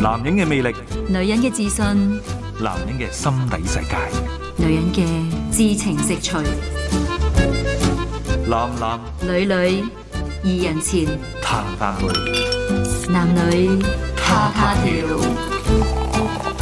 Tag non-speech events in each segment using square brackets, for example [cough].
男人嘅魅力，女人嘅自信，男人嘅心底世界，女人嘅知情識趣，男男女女二人前談談女，怕怕男女他她調。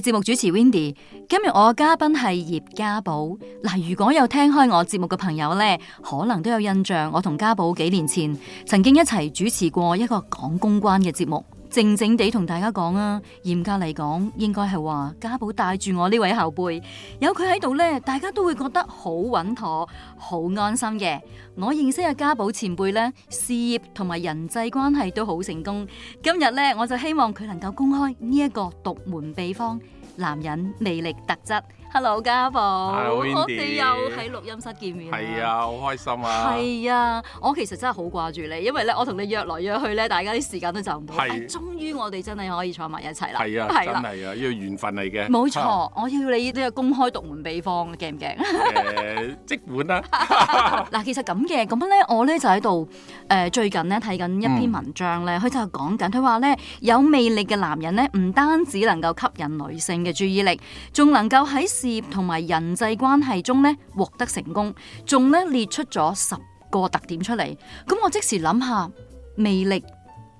節目主持 Wendy，今日我嘅嘉賓係葉家寶。嗱，如果有聽開我節目嘅朋友咧，可能都有印象，我同家寶幾年前曾經一齊主持過一個講公關嘅節目。靜靜地同大家講啊，嚴格嚟講，應該係話家寶帶住我呢位後輩，有佢喺度呢，大家都會覺得好穩妥、好安心嘅。我認識嘅家寶前輩呢，事業同埋人際關係都好成功。今日呢，我就希望佢能夠公開呢一個獨門秘方——男人魅力特質。Hello，家寶，我哋又喺錄音室見面。係啊，好開心啊！係啊，我其實真係好掛住你，因為咧，我同你約來約去咧，大家啲時間都就唔到。係，終於我哋真係可以坐埋一齊啦。係啊，真係啊，係啊，呢個緣分嚟嘅。冇錯，我要你呢個公開獨門秘方，驚唔驚？誒，即管啦。嗱，其實咁嘅，咁咧，我咧就喺度誒，最近咧睇緊一篇文章咧，佢就講緊，佢話咧，有魅力嘅男人咧，唔單止能夠吸引女性嘅注意力，仲能夠喺事業同埋人際關係中咧獲得成功，仲咧列出咗十個特點出嚟。咁我即時諗下魅力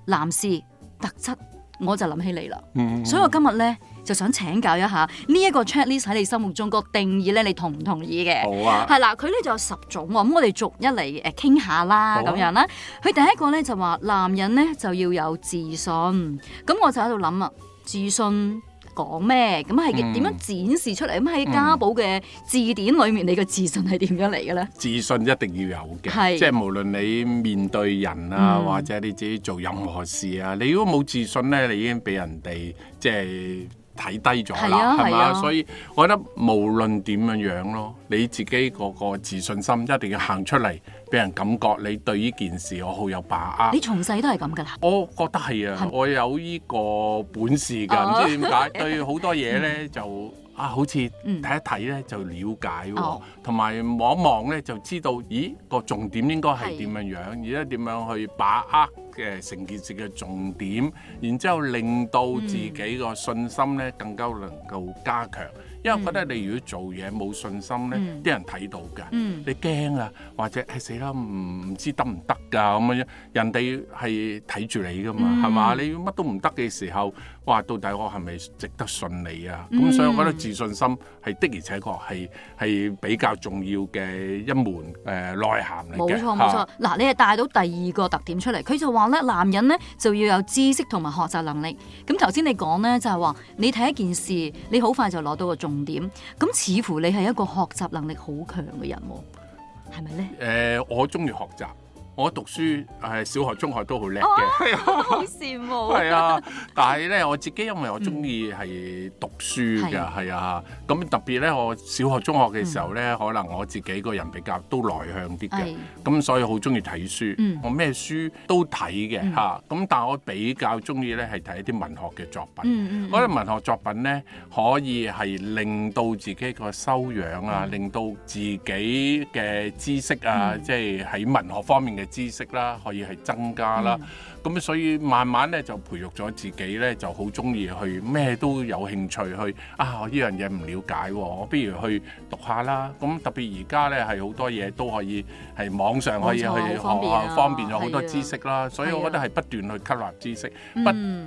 男士特質，我就諗起你啦。嗯嗯，所以我今日咧就想請教一下呢一個 checklist 喺你心目中個定義咧，你同唔同意嘅？好啊。係啦，佢咧就有十種喎。咁我哋逐一嚟誒傾下啦，咁樣啦。佢第一個咧就話男人咧就要有自信。咁我就喺度諗啊，自信。講咩咁係點樣展示出嚟？咁喺、嗯、家寶嘅字典裏面，你嘅自信係點樣嚟嘅咧？自信一定要有嘅，是即係無論你面對人啊，嗯、或者你自己做任何事啊，你如果冇自信呢，你已經俾人哋即係睇低咗啦，係嘛？所以，我覺得無論點樣樣咯，你自己嗰個自信心一定要行出嚟。俾人感覺你對呢件事我好有把握。你從細都係咁噶啦？我覺得係啊，嗎我有呢個本事㗎，唔、oh, 知點解 [laughs] 對好多嘢咧 [noise] 就啊，好似睇一睇咧就了解、哦，同埋望一望咧就知道，咦個重點應該係點樣樣，的而家點樣去把握嘅成件事嘅重點，然之後令到自己個信心咧 [noise] 更加能夠加強。因為我覺得你如果做嘢冇信心咧，啲、嗯、人睇到嘅，嗯、你驚啊，或者係、哎、死啦，唔知得唔得噶咁樣，人哋係睇住你噶嘛，係嘛、嗯？你乜都唔得嘅時候。哇！到底我係咪值得信你啊？咁、嗯、所以我覺得自信心係的而且確係係比較重要嘅一門誒、呃、內涵嚟。冇錯冇錯，嗱、啊、你係帶到第二個特點出嚟，佢就話咧，男人咧就要有知識同埋學習能力。咁頭先你講咧就係話，你睇一件事，你好快就攞到個重點。咁似乎你係一個學習能力好強嘅人喎，係咪咧？誒、呃，我鍾意學習。我讀書係小學、中學都好叻嘅，好羨慕。係啊，但係咧我自己因為我中意係讀書㗎，係啊。咁特別咧，我小學、中學嘅時候咧，可能我自己個人比較都內向啲嘅，咁所以好中意睇書。我咩書都睇嘅吓，咁但係我比較中意咧係睇一啲文學嘅作品。我覺得文學作品咧可以係令到自己個修養啊，令到自己嘅知識啊，即係喺文學方面嘅。知識啦，可以係增加啦。嗯咁所以慢慢咧就培育咗自己咧，就好中意去咩都有興趣去啊！我呢樣嘢唔了解，我不如去讀下啦。咁特別而家咧係好多嘢都可以係網上可以去學啊，方便咗好多知識啦。所以我覺得係不斷去吸納知識，不斷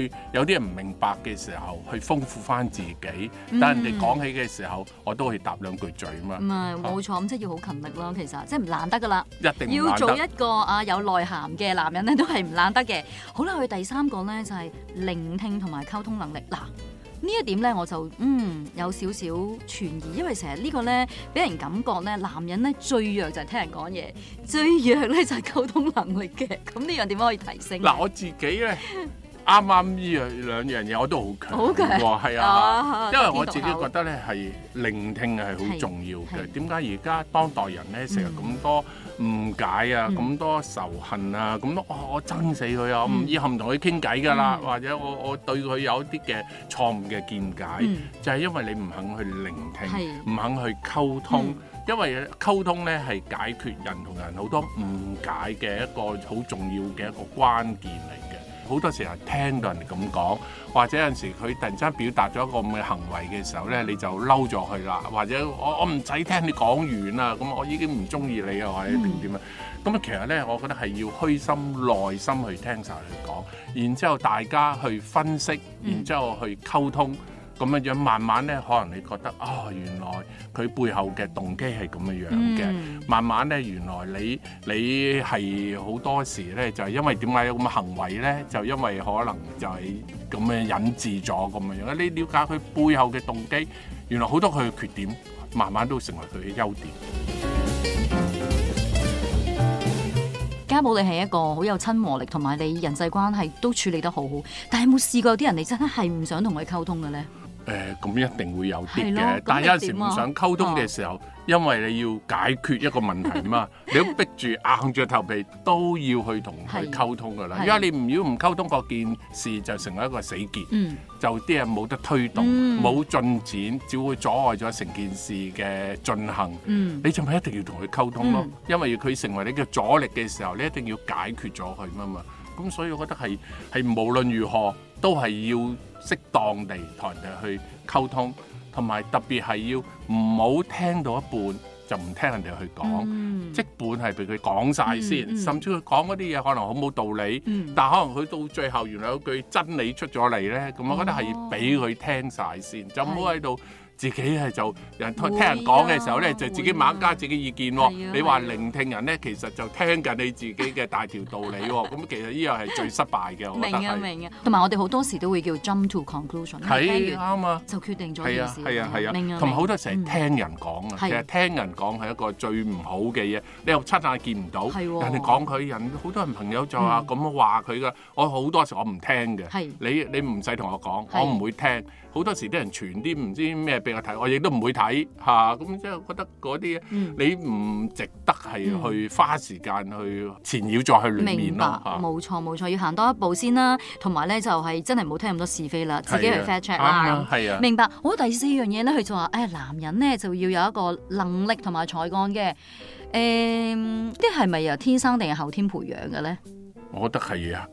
去有啲人唔明白嘅時候去豐富翻自己。但人哋講起嘅時候，我都可以答兩句嘴啊嘛。唔係冇錯，咁即係要好勤力咯。其實即係唔難得噶啦，一定要做一個啊有內涵嘅男人咧，都係。難得嘅，好啦，佢第三個咧，就係聆聽同埋溝通能力嗱，呢一點咧，我就嗯有少少存疑，因為成日呢個咧，俾人感覺咧，男人咧，最弱就係聽人講嘢，最弱咧就係溝通能力嘅，咁呢樣點樣可以提升？嗱，我自己咧，啱啱，呢樣兩樣嘢我都好強，好強，係啊，因為我自己覺得咧，係聆聽係好重要嘅。點解而家當代人咧成日咁多？嗯誤解啊，咁多仇恨啊，咁咯、哦，我憎死佢啊，嗯、我唔以後唔同佢傾偈㗎啦，嗯、或者我我對佢有一啲嘅錯誤嘅見解，嗯、就係因為你唔肯去聆聽，唔、嗯、肯去溝通，嗯、因為溝通咧係解決人同人好多誤解嘅一個好重要嘅一個關鍵嚟。好多時候聽到人哋咁講，或者有陣時佢突然之間表達咗一個咁嘅行為嘅時候咧，你就嬲咗佢啦，或者我我唔使聽你講完啦，咁我已經唔中意你啊，或者點點啊，咁啊、嗯、其實咧，我覺得係要虛心、耐心去聽晒佢講，然之後大家去分析，然之後去溝通。嗯咁樣樣，慢慢咧，可能你覺得哦，原來佢背後嘅動機係咁樣樣嘅。慢慢咧，原來你你係好多時咧，就係因為點解有咁嘅行為咧？就因為可能就係咁樣引致咗咁樣樣。你瞭解佢背後嘅動機，原來好多佢嘅缺點，慢慢都成為佢嘅優點。家寶，你係一個好有親和力，同埋你人際關係都處理得好好。但係有冇試過有啲人，你真係唔想同佢溝通嘅咧？誒咁一定會有啲嘅，但係有陣時唔想溝通嘅時候，因為你要解決一個問題嘛，你都逼住硬住頭皮都要去同佢溝通噶啦。而家你唔要唔溝通，嗰件事就成為一個死結，就啲人冇得推動、冇進展，只會阻礙咗成件事嘅進行。你就咪一定要同佢溝通咯。因為佢成為你嘅阻力嘅時候，你一定要解決咗佢啊嘛。咁所以我覺得係係無論如何都係要。適當地同人哋去溝通，同埋特別係要唔好聽到一半就唔聽人哋去講，嗯、即本係俾佢講晒先，嗯、甚至佢講嗰啲嘢可能好冇道理，嗯、但可能佢到最後原來有句真理出咗嚟咧，咁、嗯、我覺得係要俾佢聽晒先，哦、就唔好喺度。自己係就人聽人講嘅時候咧，就自己馬加自己意見喎。你話聆聽人咧，其實就聽緊你自己嘅大條道理喎。咁其實呢樣係最失敗嘅，我覺得係。明啊，明啊。同埋我哋好多時都會叫 jump to conclusion，啱啊，就決定咗呢件事。係啊，係啊，係啊。同埋好多時係聽人講啊，其實聽人講係一個最唔好嘅嘢。你又親眼見唔到，人哋講佢，人好多人朋友就話咁話佢㗎。我好多時我唔聽嘅。你你唔使同我講，我唔會聽。好多時啲人傳啲唔知咩俾我睇，我亦都唔會睇嚇。咁、啊、即係覺得嗰啲你唔值得係去花時間去纏繞再去亂面咯冇白、啊、錯冇錯，要行多一步先啦。同埋咧就係、是、真係唔好聽咁多是非啦，啊、自己去 fact check、啊啊啊、明白。我第四樣嘢咧，佢就話，誒、哎、男人咧就要有一個能力同埋才幹嘅。誒、啊，啲係咪由天生定係後天培養嘅咧？我覺得係誒、啊、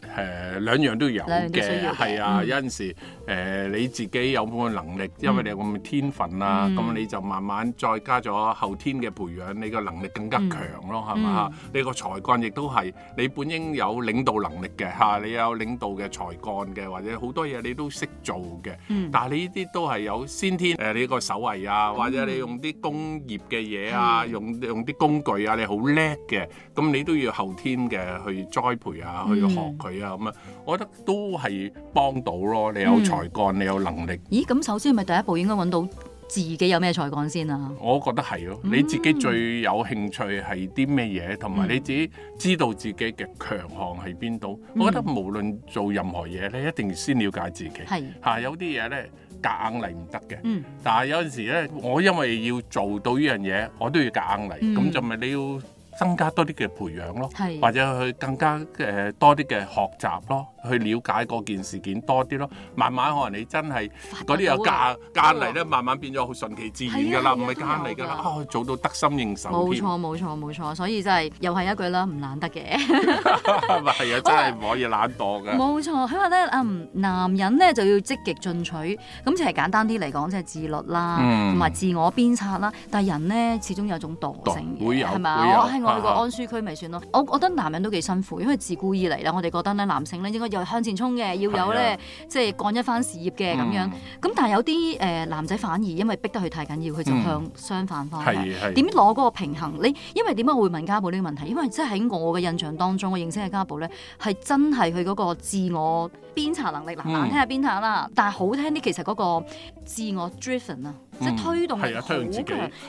兩樣都有嘅，係啊，有陣時。嗯誒、呃、你自己有冇嘅能力，因為你有咁嘅天分啊，咁你就慢慢再加咗後天嘅培養，你個能力更加強咯，係咪啊？嗯嗯、你個才幹亦都係，你本應有領導能力嘅嚇、啊，你有領導嘅才幹嘅，或者好多嘢你都識做嘅。但你呢啲都係有先天誒，你個手藝啊，或者你用啲工業嘅嘢啊，用用啲工具啊，你好叻嘅，咁你都要後天嘅去栽培啊，去學佢啊咁啊。嗯嗯嗯、樣我覺得都係幫到咯，你有才才幹你有能力。咦，咁首先咪第一步應該揾到自己有咩才幹先啊？我覺得係咯，嗯、你自己最有興趣係啲咩嘢，同埋你自己知道自己嘅強項喺邊度。嗯、我覺得無論做任何嘢咧，你一定要先了解自己。係嚇是、啊，有啲嘢咧，夾硬嚟唔得嘅。嗯、但係有陣時咧，我因為要做到呢樣嘢，我都要夾硬嚟。咁、嗯、就咪你要。增加多啲嘅培養咯，或者去更加誒多啲嘅學習咯，去了解嗰件事件多啲咯，慢慢可能你真係嗰啲有隔隔離咧，慢慢變咗好順其自然㗎啦，唔係隔離㗎啦，啊做到得心應手。冇錯，冇錯，冇錯，所以真係又係一句啦，唔懶得嘅。係啊，真係唔可以懶惰嘅。冇錯，佢話咧，嗯，男人咧就要積極進取，咁就係簡單啲嚟講，即係自律啦，同埋自我鞭策啦。但係人咧始終有種惰性嘅，係嘛？去過安舒區咪算咯。我我覺得男人都幾辛苦，因為自古以嚟啦，我哋覺得咧男性咧應該又向前衝嘅，要有咧、啊、即係幹一番事業嘅咁、嗯、樣。咁但係有啲誒、呃、男仔反而因為逼得佢太緊要，佢就向相反方向。係點攞嗰個平衡？嗯、你因為點解我會問家寶呢個問題？因為即係喺我嘅印象當中，我認識嘅家寶咧係真係佢嗰個自我鞭策能力，嗱、嗯，難聽下，鞭策啦，但係好聽啲其實嗰個自我 driven、嗯、啊，即係推動係好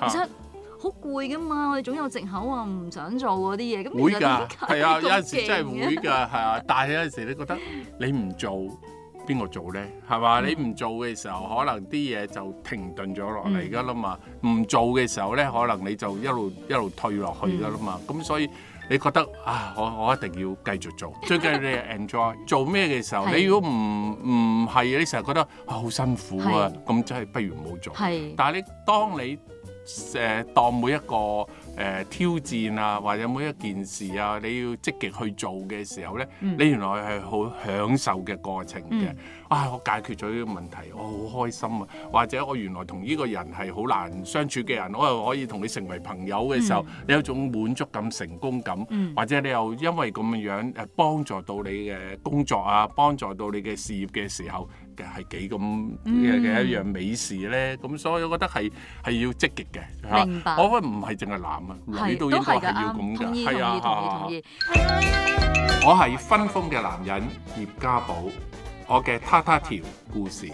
強，好攰噶嘛，我哋總有藉口啊，唔想做嗰啲嘢。咁會㗎，係啊，有陣時真係會㗎，係啊。但係有陣時你覺得你唔做，邊個做咧？係嘛？你唔做嘅時候，可能啲嘢就停頓咗落嚟㗎啦嘛。唔做嘅時候咧，可能你就一路一路退落去㗎啦嘛。咁所以你覺得啊，我我一定要繼續做。最緊要你 enjoy 做咩嘅時候，你如果唔唔係你成日覺得好辛苦啊，咁真係不如唔好做。係，但係你當你誒當每一個誒、呃、挑戰啊，或者每一件事啊，你要積極去做嘅時候咧，嗯、你原來係好享受嘅過程嘅。嗯。啊！我解決咗呢個問題，我好開心啊！或者我原來同呢個人係好難相處嘅人，我又可以同你成為朋友嘅時候，嗯、你有種滿足感、成功感，嗯、或者你又因為咁嘅樣誒幫助到你嘅工作啊，幫助到你嘅事業嘅時候嘅係幾咁嘅一樣美事咧？咁、嗯、所以我覺得係係要積極嘅。明白，我覺得唔係淨係男是啊，女都應該係要咁噶，係啊，我係分封嘅男人葉家寶。我嘅他她調故事，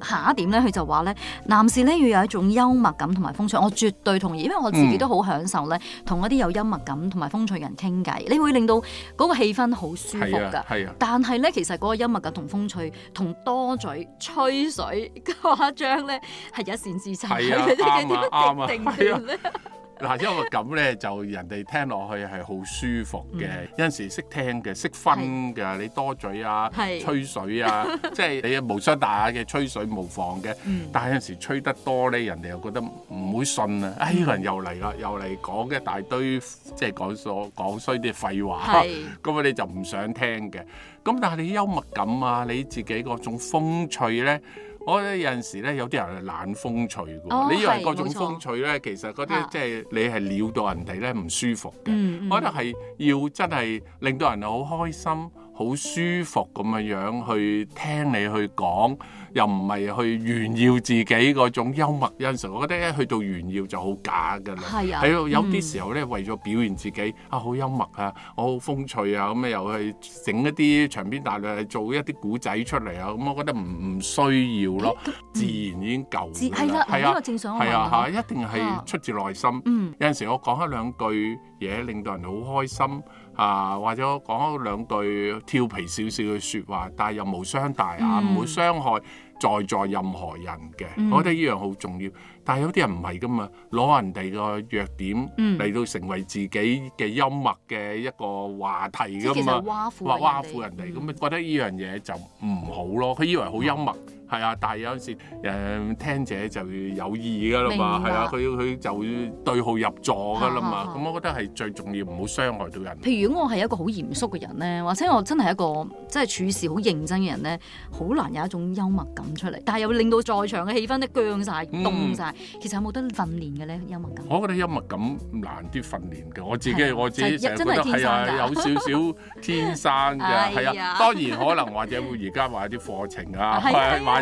下一點咧，佢就話咧，男士咧要有一種幽默感同埋風趣。我絕對同意，因為我自己都好享受咧，同一啲有幽默感同埋風趣人傾偈，嗯、你會令到嗰個氣氛好舒服噶。啊啊、但係咧，其實嗰個幽默感同風趣同多嘴吹水誇張咧，係一線之差生嘅啫。啱啊！啱啊！ [laughs] 嗱，幽默感咧就人哋聽落去係好舒服嘅，有陣時識聽嘅，識分嘅。你多嘴啊，吹水啊，即係你無傷大雅嘅吹水無妨嘅。但係有陣時吹得多咧，人哋又覺得唔會信啊！啊，呢個人又嚟啦，又嚟講一大堆即係講所講衰啲廢話，咁啊你就唔想聽嘅。咁但係你幽默感啊，你自己嗰種風趣咧。我覺得有陣時咧，有啲人懶風趣嘅，哦、你以為是各種風趣咧，錯其實嗰啲即係你係撩到人哋咧唔舒服嘅。嗯嗯、我覺得係要真係令到人好開心、好舒服咁嘅樣去聽你去講。又唔係去炫耀自己嗰種幽默因素，有時我覺得咧，去到炫耀就好假㗎啦。係啊，喺有啲時候咧，為咗表現自己、嗯、啊，好幽默啊，我好風趣啊，咁、嗯、啊又去整一啲長篇大論，做一啲古仔出嚟啊，咁、嗯、我覺得唔唔需要咯，自然已經夠。係啊係啊，啊正所謂、啊、一定係出自內心。啊嗯、有陣時我講一兩句嘢，令到人好開心。啊，或者我講兩句調皮少少嘅説話，但係又無傷大雅，唔會、嗯啊、傷害在座任何人嘅。嗯、我覺得呢樣好重要，但係有啲人唔係噶嘛，攞人哋個弱點嚟、嗯、到成為自己嘅幽默嘅一個話題咁啊，話挖苦人哋咁啊，嗯、覺得呢樣嘢就唔好咯。佢以為好幽默。嗯係啊，但係有陣時誒聽者就有意㗎啦嘛，係啊，佢佢就對號入座㗎啦嘛。咁我覺得係最重要，唔好傷害到人。譬如如果我係一個好嚴肅嘅人咧，或者我真係一個即係處事好認真嘅人咧，好難有一種幽默感出嚟，但係又令到在場嘅氣氛都僵晒、凍晒。其實有冇得訓練嘅咧幽默感？我覺得幽默感難啲訓練嘅，我自己我自己覺得都係有少少天生嘅，係啊。當然可能或者會而家話啲課程啊。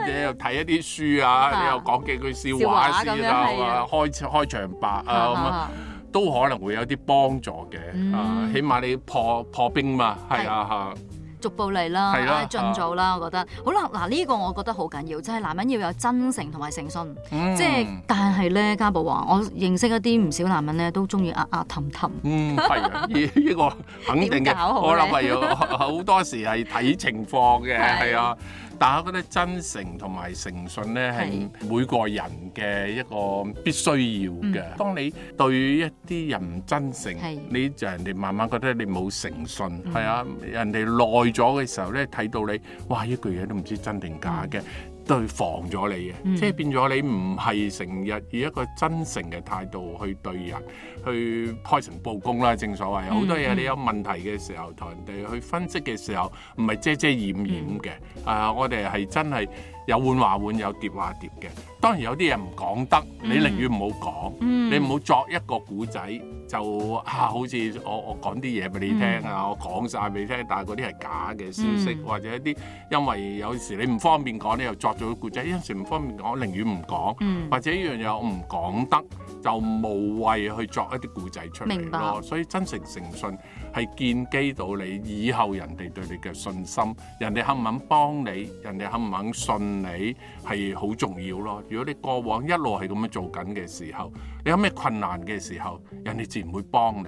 或者又睇一啲書啊，你又講幾句笑話咁樣，開開場白啊咁都可能會有啲幫助嘅。嗯，起碼你破破冰嘛，係啊，逐步嚟啦，進步啦，我覺得。好啦，嗱呢個我覺得好緊要，就係男人要有真誠同埋誠信。即係，但係咧，家寶話：我認識一啲唔少男人咧，都中意壓壓氹氹。嗯，係啊，呢個肯定嘅。點搞好？我諗係要好多時係睇情況嘅，係啊。但我覺得真誠同埋誠信咧，係每個人嘅一個必須要嘅。嗯、當你對一啲人唔真誠，是你就人哋慢慢覺得你冇誠信。係、嗯、啊，人哋耐咗嘅時候咧，睇到你，哇，一句嘢都唔知真定假嘅。嗯對防咗你嘅，嗯、即係變咗你唔係成日以一個真誠嘅態度去對人，去開誠佈公啦。正所謂好多嘢，你有問題嘅時候同人哋去分析嘅時候，唔係遮遮掩掩嘅。啊、嗯呃，我哋係真係。有碗話碗，有碟話碟嘅。當然有啲嘢唔講得，嗯、你寧願唔好講，嗯、你唔好作一個故仔就啊，好似我我講啲嘢俾你聽啊，嗯、我講晒俾你聽，但係嗰啲係假嘅消息，嗯、或者一啲因為有時你唔方便講，你又作咗個故仔。有時唔方便講，我寧願唔講，嗯、或者依樣嘢我唔講得，就無謂去作一啲故仔出嚟咯。明白。所以真實誠信，係建基到你以後，人哋對你嘅信心，人哋肯唔肯幫你，人哋肯唔肯信你係好重要咯。如果你過往一路係咁樣做緊嘅時候，你有咩困難嘅時候，人哋自然會幫你。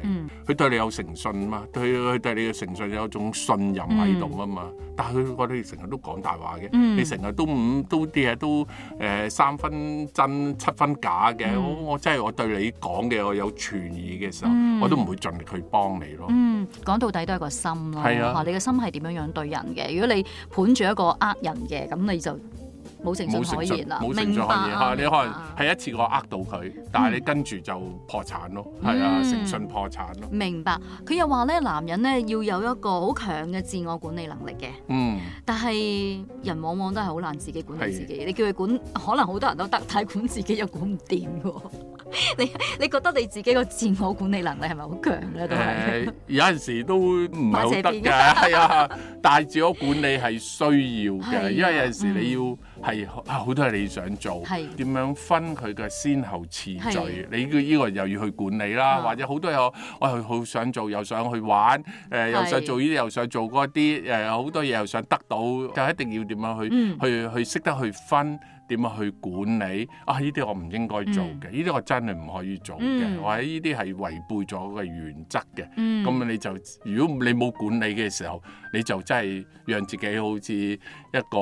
佢、嗯、對你有誠信嘛，對佢對你嘅誠信有一種信任喺度啊嘛。嗯、但係佢覺得你成日都講大話嘅，你成日都唔都啲嘢都誒三分真七分假嘅、嗯。我真係、就是、我對你講嘅我有存疑嘅時候，嗯、我都唔會盡力去幫你咯。講、嗯、到底都係個心咯。係啊、你個心係點樣樣對人嘅？如果你盤住一個呃人嘅，咁你就。冇誠信可言啦，明白。你可能係一次我呃到佢，但係你跟住就破產咯，係啊，誠信破產咯。明白。佢又話咧，男人咧要有一個好強嘅自我管理能力嘅。嗯。但係人往往都係好難自己管理自己。你叫佢管，可能好多人都得，但係管自己又管唔掂㗎。你你覺得你自己個自我管理能力係咪好強咧？都係。有陣時都唔係好得嘅。係啊。但係自我管理係需要嘅，因為有陣時你要。係好多係你想做，點是樣分佢嘅先後次序？是你依、這個依又要去管理啦，啊、或者好多嘢我好想做，又想去玩，誒又想做呢啲，又想做嗰啲，誒好、呃、多嘢又想得到，就一定要點樣去、嗯、去去識得去分。點樣去管理啊？呢啲我唔應該做嘅，呢啲、嗯、我真係唔可以做嘅，嗯、或者呢啲係違背咗個原則嘅。咁、嗯、你就如果你冇管理嘅時候，你就真係讓自己好似一個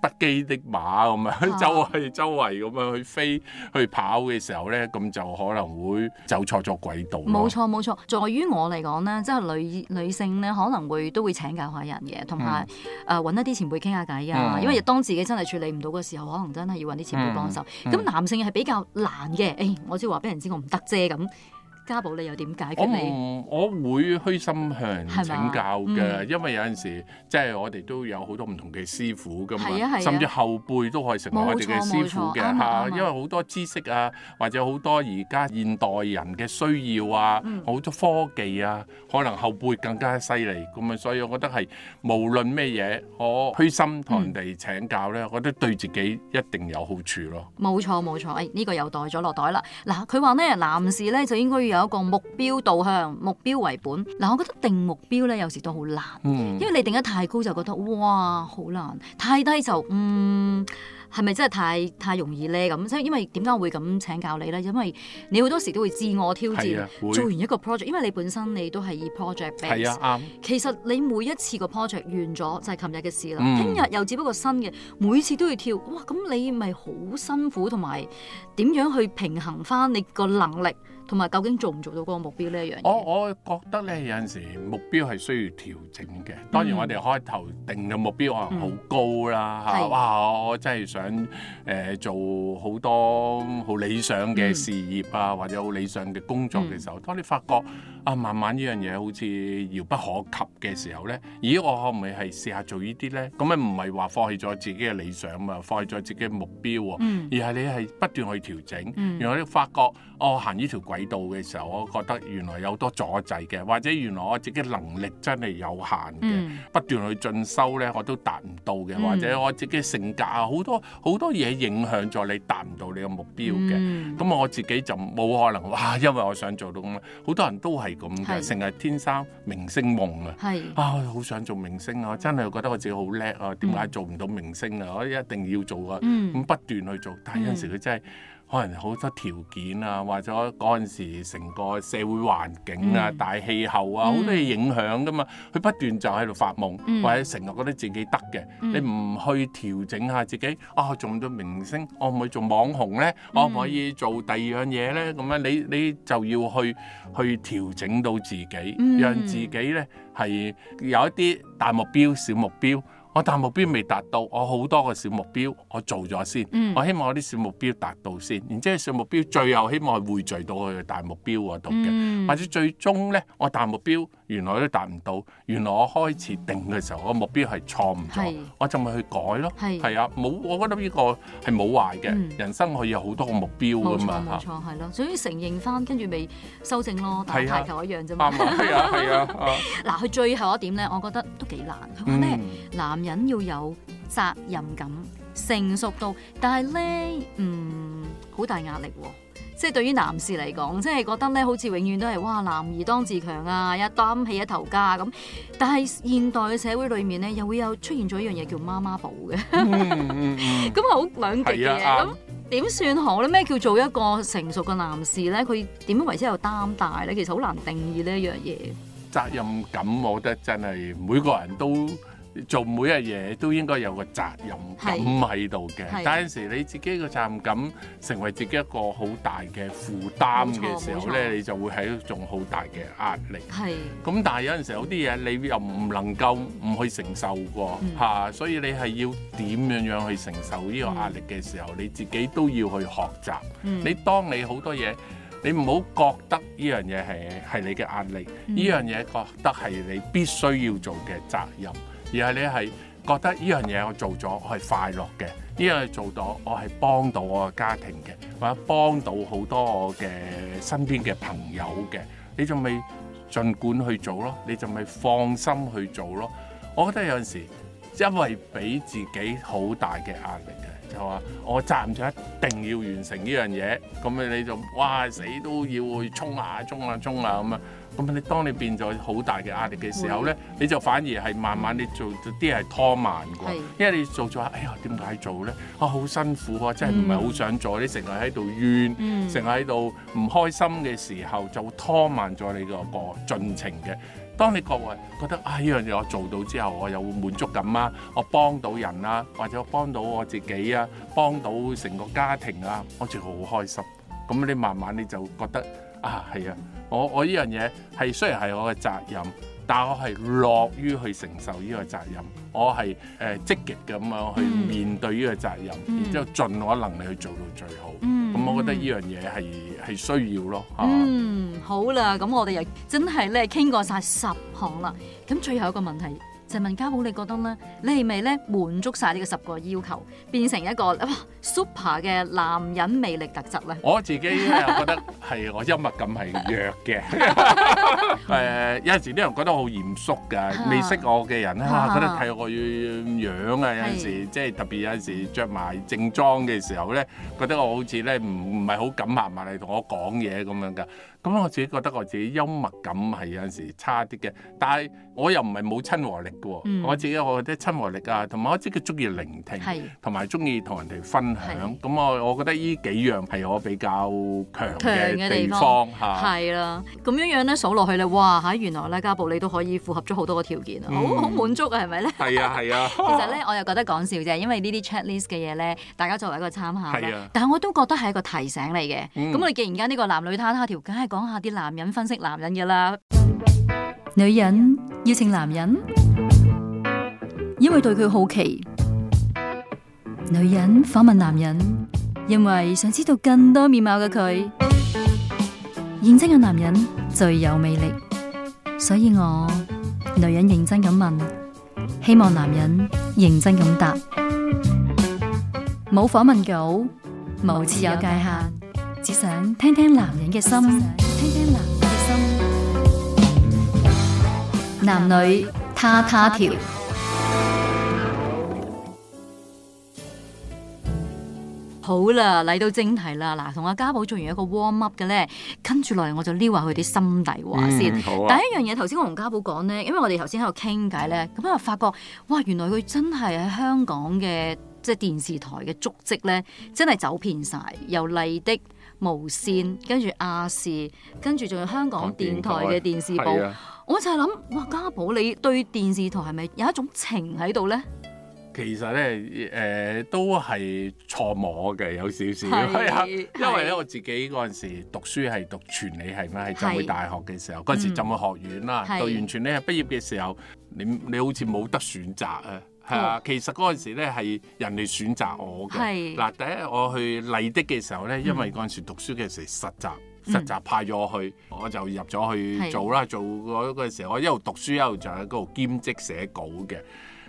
不羈的馬咁樣，嗯、周圍周圍咁樣去飛去跑嘅時候咧，咁就可能會走錯咗軌道。冇錯冇錯，在於我嚟講咧，即、就、係、是、女女性咧，可能會都會請教下人嘅，同埋誒搵一啲前輩傾下偈啊。因為當自己真係處理唔到嗰又可能真係要搵啲前輩幫手、嗯，咁、嗯、男性係比較難嘅。誒、哎，我先話俾人知我唔得啫咁。家寶你又點解決你我？我會虛心向人請教嘅，嗯、因為有陣時即係我哋都有好多唔同嘅師傅噶嘛，啊啊、甚至後輩都可以成為冇錯、我哋嘅師傅嘅嚇。因為好多知識啊，或者好多而家現代人嘅需要啊，好、嗯、多科技啊，可能後輩更加犀利咁啊，所以我覺得係無論咩嘢，我虛心同人哋請教咧，嗯、我覺得對自己一定有好處咯。冇錯冇錯，呢、哎呢個又袋咗落袋啦。嗱，佢話咧男士咧就應該要。有一個目標導向，目標為本嗱。我覺得定目標咧，有時都好難，嗯、因為你定得太高就覺得哇好難，太低就嗯係咪真係太太容易咧咁？所以因為點解會咁請教你咧？因為你好多時都會自我挑戰，啊、做完一個 project，因為你本身你都係以 project base 係啊，其實你每一次個 project 完咗就係琴日嘅事啦，聽日、嗯、又只不過新嘅，每次都要跳哇咁，你咪好辛苦，同埋點樣去平衡翻你個能力？同埋究竟做唔做到嗰個目標呢一樣嘢？我我覺得咧有陣時目標係需要調整嘅。當然我哋開頭定嘅目標可能好高啦嚇，哇！我真係想誒、呃、做好多好理想嘅事業啊，嗯、或者好理想嘅工作嘅時候，當你發覺，啊，慢慢呢樣嘢好似遙不可及嘅時候呢，咦，我可唔可以係試下做呢啲呢？咁咪唔係話放棄咗自己嘅理想嘛，放棄咗自己嘅目標、嗯、而係你係不斷去調整。原來你發覺，我行呢條軌道嘅時候，我覺得原來有好多阻滯嘅，或者原來我自己能力真係有限嘅，嗯、不斷去進修呢，我都達唔到嘅，或者我自己性格啊，好多好多嘢影響咗你達唔到你嘅目標嘅。咁、嗯、我自己就冇可能哇，因為我想做到咁。好多人都係。咁嘅，成日係天生明星夢啊！係啊！啊，好想做明星啊！我真係覺得我自己好叻啊！點解做唔到明星啊？我一定要做啊！咁不斷去做，但係有陣時佢真係。可能好多條件啊，或者嗰陣時成個社會環境啊、嗯、大氣候啊，好多嘢影響噶嘛。佢、嗯、不斷就喺度發夢，嗯、或者成日覺得自己得嘅，嗯、你唔去調整下自己，啊，做唔到明星？我唔去做網紅咧，嗯、我唔可以做第二樣嘢咧。咁樣你你就要去去調整到自己，嗯、讓自己咧係有一啲大目標、小目標。我大目標未達到，我好多個小目標我，我做咗先。我希望我啲小目標達到先，然之後小目標最後希望係匯聚到我嘅大目標嗰度嘅，嗯、或者最終咧，我大目標。原來都達唔到，原來我開始定嘅時候，我目標係錯誤，我就咪去改咯。係啊，冇，我覺得呢個係冇壞嘅，人生可以有好多個目標噶嘛嚇。冇錯，冇錯，係咯，所以承認翻，跟住咪修正咯，打排球一樣啫嘛。啱啊，係啊，係啊。嗱，佢最後一點咧，我覺得都幾難。佢話咩？男人要有責任感，成熟到，但係咧，嗯，好大壓力喎。即係對於男士嚟講，即係覺得咧，好似永遠都係哇，男兒當自強啊，一擔起一頭家咁。但係現代嘅社會裏面咧，又會有出現咗一樣嘢叫媽媽寶嘅，咁係好兩極啊。咁點算好咧？咩叫做一個成熟嘅男士咧？佢點樣為之有擔大咧？其實好難定義呢一樣嘢。責任感，我覺得真係每個人都。做每一嘢都應該有個責任感喺度嘅。但有時你自己個責任感成為自己一個好大嘅負擔嘅時候咧，你就會係一種好大嘅壓力。咁是但係有陣時有啲嘢你又唔能夠唔去承受過吓是、啊，所以你係要點樣樣去承受呢個壓力嘅時候，嗯、你自己都要去學習。嗯、你當你好多嘢，你唔好覺得呢樣嘢係係你嘅壓力，呢樣嘢覺得係你必須要做嘅責任。而係你係覺得呢樣嘢我做咗，我係快樂嘅；呢樣嘢做咗，我係幫到我嘅家庭嘅，或者幫到好多我嘅身邊嘅朋友嘅。你仲未儘管去做咯？你仲未放心去做咯？我覺得有陣時因為俾自己好大嘅壓力嘅。就話我責任就一定要完成呢樣嘢，咁你你就，哇死都要去衝下衝下衝啊咁啊。咁你當你變咗好大嘅壓力嘅時候咧，的你就反而係慢慢你做啲係、嗯、拖慢嘅，的因為你做咗哎呀點解做咧？啊好辛苦啊，真係唔係好想做，你成日喺度怨，成日喺度唔開心嘅時候就拖慢咗你個個進程嘅。當你各位覺得啊呢樣嘢我做到之後，我又會滿足感啦，我幫到人啦，或者幫到我自己啊，幫到成個家庭啊，我就好開心。咁你慢慢你就覺得啊係啊，我我呢樣嘢係雖然係我嘅責任。但我係樂於去承受呢個責任，我係誒、呃、積極咁樣去面對呢個責任，嗯、然之後盡我能力去做到最好。咁、嗯、我覺得呢樣嘢係係需要咯嚇。啊、嗯，好啦，咁我哋又真係咧傾過晒十項啦，咁最後一個問題。就問家寶，你覺得咧？你係咪咧滿足晒呢個十個要求，變成一個哇 super 嘅男人魅力特質咧？我自己又覺得係 [laughs] 我幽默感係弱嘅。誒有陣時啲人覺得好嚴肅㗎，啊、未識我嘅人咧、啊，覺得睇我樣啊。有陣時是即係特別有陣時着埋正裝嘅時候咧，覺得我好似咧唔唔係好敢行埋嚟同我講嘢咁樣㗎。咁我自己覺得我自己幽默感係有陣時差啲嘅，但係我又唔係冇親和力嘅喎。我自己我覺得親和力啊，同埋我自己中意聆聽，同埋中意同人哋分享。咁我我覺得呢幾樣係我比較強嘅地方嚇。係啦，咁樣樣咧數落去咧，哇原來咧家寶你都可以符合咗好多個條件啊，好好滿足啊，係咪咧？係啊係啊。其實咧我又覺得講笑啫，因為呢啲 checklist 嘅嘢咧，大家作為一個參考，但係我都覺得係一個提醒你嘅。咁我哋既然間呢個男女他她調。講下啲男人分析男人嘅啦，女人邀請男人，因為對佢好奇；女人訪問男人，因為想知道更多面貌嘅佢。認真嘅男人最有魅力，所以我女人認真咁問，希望男人認真咁答。冇訪問稿，無自由界限，只想聽聽男人嘅心。聽聽男嘅心，男女他她調。 [noise] 好啦，嚟到正題啦。嗱、啊，同阿家寶做完一個 warm up 嘅咧，跟住嚟我就撩下佢啲心底話先。第、嗯啊、一樣嘢，頭先我同家寶講呢，因為我哋頭先喺度傾偈咧，咁啊我就發覺哇，原來佢真係喺香港嘅即係電視台嘅足迹咧，真係走遍晒，由麗的。無線，跟住亞視，跟住仲有香港電台嘅電視部，我就係諗，哇，家寶你對電視台係咪有一種情喺度咧？其實咧，誒、呃，都係錯摸嘅，有少少係啊。的因為咧，我自己嗰陣時讀書係讀傳理，係咪係浸會大學嘅時候，嗰陣的時浸會學院啦，嗯、到讀完傳理系畢業嘅時候，你你好似冇得選擇啊。係啊，其實嗰陣時咧係人哋選擇我嘅。嗱是，第一我去麗的嘅時候咧，因為嗰陣時讀書嘅時候實習，嗯、實習派咗我去，我就入咗去做啦。是做嗰個時候我一路讀書一路就喺嗰度兼職寫稿嘅。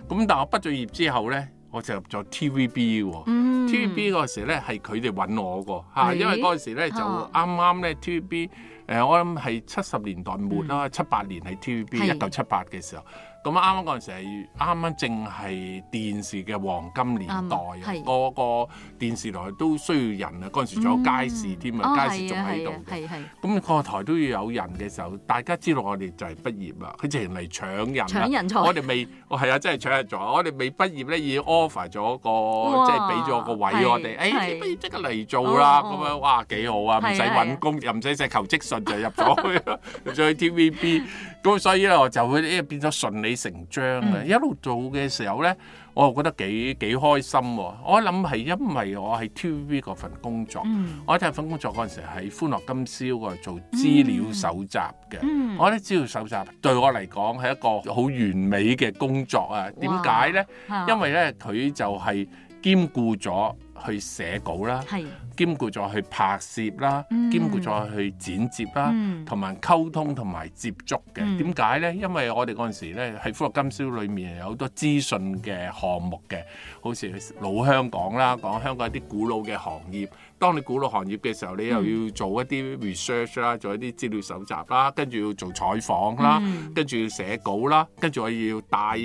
咁但我畢咗業之後咧，我就入咗 TVB 喎、嗯。TVB 嗰陣時咧係佢哋揾我㗎，嚇、嗯，因為嗰陣時咧就啱啱咧 TVB，誒，啊、TV B，我諗係七十年代末啦，七八、嗯、年喺 TVB 一九七八嘅時候。咁啱啱嗰陣時係啱啱正係電視嘅黃金年代，個個電視台都需要人啊！嗰陣時仲有街市添啊，街市仲喺度嘅。咁個台都要有人嘅時候，大家知道我哋就係畢業啦，佢直情嚟搶人啦。搶人才。我哋未，我係啊，真係搶人咗。我哋未畢業咧，已經 offer 咗個即係俾咗個位我哋。誒，你畢業即刻嚟做啦！咁樣哇，幾好啊，唔使揾工，又唔使寫求職信就入咗去，入咗去 TVB。咁所以咧，我就會變咗順理成章嘅。一路做嘅時候咧，我又覺得幾幾開心。我諗係因為我喺 TVB 嗰份工作，嗯、我喺第一份工作嗰陣時喺《歡樂今宵》度做資料搜集嘅。嗯嗯、我覺得資料搜集對我嚟講係一個好完美嘅工作啊！點解咧？因為咧，佢就係、是，兼顧咗去寫稿啦，是兼顧咗去拍攝啦，嗯、兼顧咗去剪接啦，同埋溝通同埋接觸嘅。點解、嗯、呢？因為我哋嗰陣時咧，喺《歡樂今宵》裏面有好多資訊嘅項目嘅，好似老香港啦，講香港一啲古老嘅行業。當你鼓落行業嘅時候，你又要做一啲 research 啦，做一啲資料搜集啦，跟住要做採訪啦，跟住要寫稿啦，跟住我要帶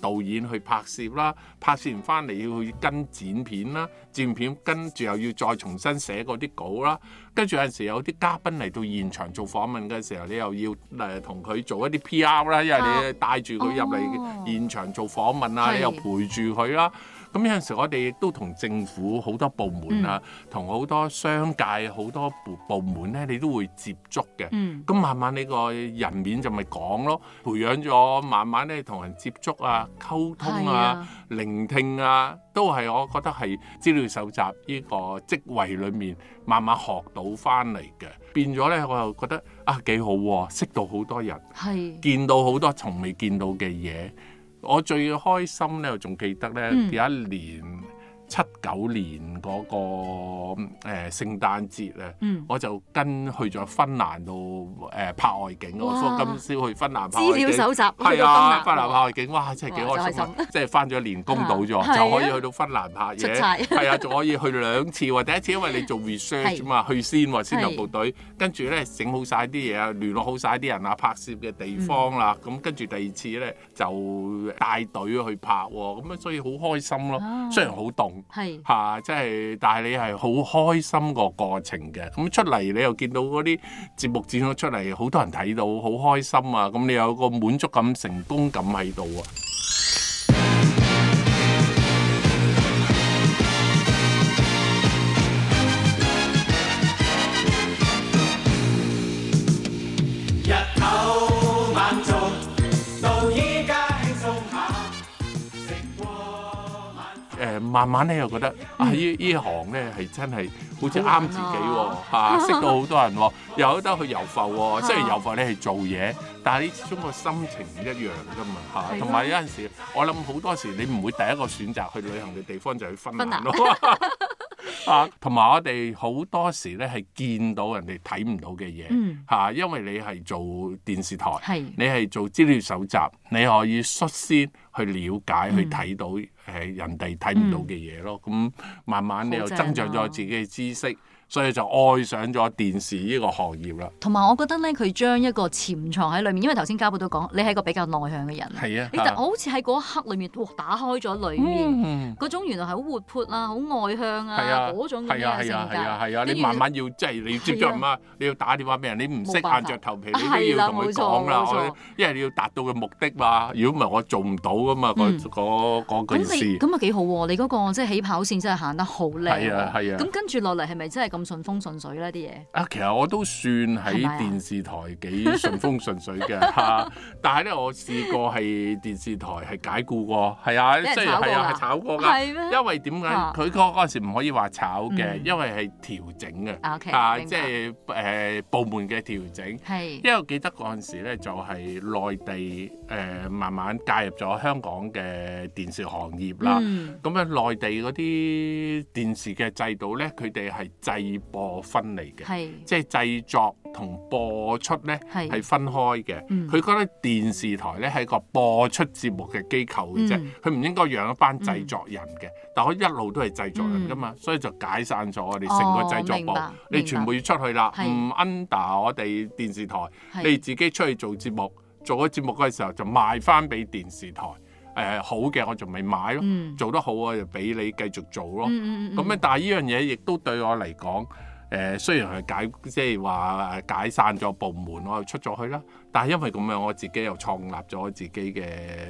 導演去拍攝啦，拍攝完翻嚟要去跟剪片啦，剪片跟住又要再重新寫嗰啲稿啦，跟住有陣時有啲嘉賓嚟到現場做訪問嘅時候，你又要誒同佢做一啲 PR 啦，因為你帶住佢入嚟現場做訪問啊，你又陪住佢啦。咁有陣時，我哋亦都同政府好多部門啊，同好、嗯、多商界好多部部門咧，你都會接觸嘅。咁、嗯、慢慢你個人面就咪廣咯，培養咗慢慢咧同人接觸啊、溝通啊、啊聆聽啊，都係我覺得係資料搜集呢個職位裡面慢慢學到翻嚟嘅。變咗咧，我又覺得啊幾好啊，識到好多人，啊、見到好多從未見到嘅嘢。我最開心咧，我仲記得咧，有、嗯、一年。七九年嗰個誒聖誕節啊，我就跟去咗芬蘭度誒拍外景。哇！我今朝去芬蘭拍資料蒐集。係啊，芬蘭拍外景，哇，真係幾開心！即係返咗年工到咗，就可以去到芬蘭拍嘢。係啊，仲可以去兩次。第一次因為你做 research 嘛，去先先入部隊，跟住咧整好晒啲嘢啊，聯絡好晒啲人啊，拍攝嘅地方啦，咁跟住第二次咧就帶隊去拍，咁啊，所以好開心咯。雖然好凍。係吓，即係是、啊，但係你係好開心個過程嘅，咁出嚟你又見到嗰啲節目展咗出嚟，好多人睇到，好開心啊！咁你有個滿足感、成功感喺度啊！慢慢咧又覺得啊，呢呢行咧係真係好似啱自己喎、哦，嚇、啊啊、識到好多人、哦， [laughs] 又得去遊埠、哦，即、啊、然遊埠你係做嘢，但係始終個心情唔一樣㗎嘛，嚇、啊。同埋、啊、有陣時，我諗好多時你唔會第一個選擇去旅行嘅地方就去芬蘭咯，嚇、啊。同埋、啊 [laughs] 啊、我哋好多時咧係見到人哋睇唔到嘅嘢，嚇、嗯，因為你係做電視台，是是你係做資料搜集，你可以率先去了解去睇到。係人哋睇唔到嘅嘢咯，咁慢慢你又增長咗自己嘅知識。所以就愛上咗電視呢個行業啦。同埋我覺得咧，佢將一個潛藏喺裏面，因為頭先家寶都講，你係一個比較內向嘅人。係啊，但係好似喺嗰一刻裏面，哇！打開咗裏面嗰種原來係好活潑啊，好外向啊嗰種咁嘅性格。係啊係啊係啊係啊！你慢慢要即係你要接觸啊，你要打電話俾人，你唔識硬着頭皮都要同佢講啦。因為你要達到嘅目的嘛，如果唔係我做唔到噶嘛。嗰嗰嗰件事。咁你啊幾好喎！你嗰個即係起跑線真係行得好靚。係啊係啊。咁跟住落嚟係咪真係？咁順風順水啦啲嘢啊，其實我都算喺電視台幾順風順水嘅嚇，但係咧我試過係電視台係解僱過，係啊，雖然係啊係炒過㗎，因為點解佢嗰嗰陣時唔可以話炒嘅，因為係調整嘅，啊，即係誒部門嘅調整，係，因為我記得嗰陣時咧就係內地誒慢慢介入咗香港嘅電視行業啦，咁樣內地嗰啲電視嘅制度咧，佢哋係制而播分離嘅，是即係製作同播出咧係是分開嘅。佢、嗯、覺得電視台咧係一個播出節目嘅機構嘅啫，佢唔、嗯、應該養一班製作人嘅。嗯、但佢一路都係製作人噶嘛，所以就解散咗我哋成個製作部，哦、你全部要出去啦。唔 under 白我哋電視台，是你自己出去做節目，做咗節目嗰時候就賣翻俾電視台。誒、呃、好嘅，我就未買咯。嗯、做得好我就俾你繼續做咯。咁啊、嗯嗯嗯，但係呢樣嘢亦都對我嚟講，誒、呃、雖然係解，即係話解散咗部門，我又出咗去啦。但係因為咁樣，我自己又創立咗自己嘅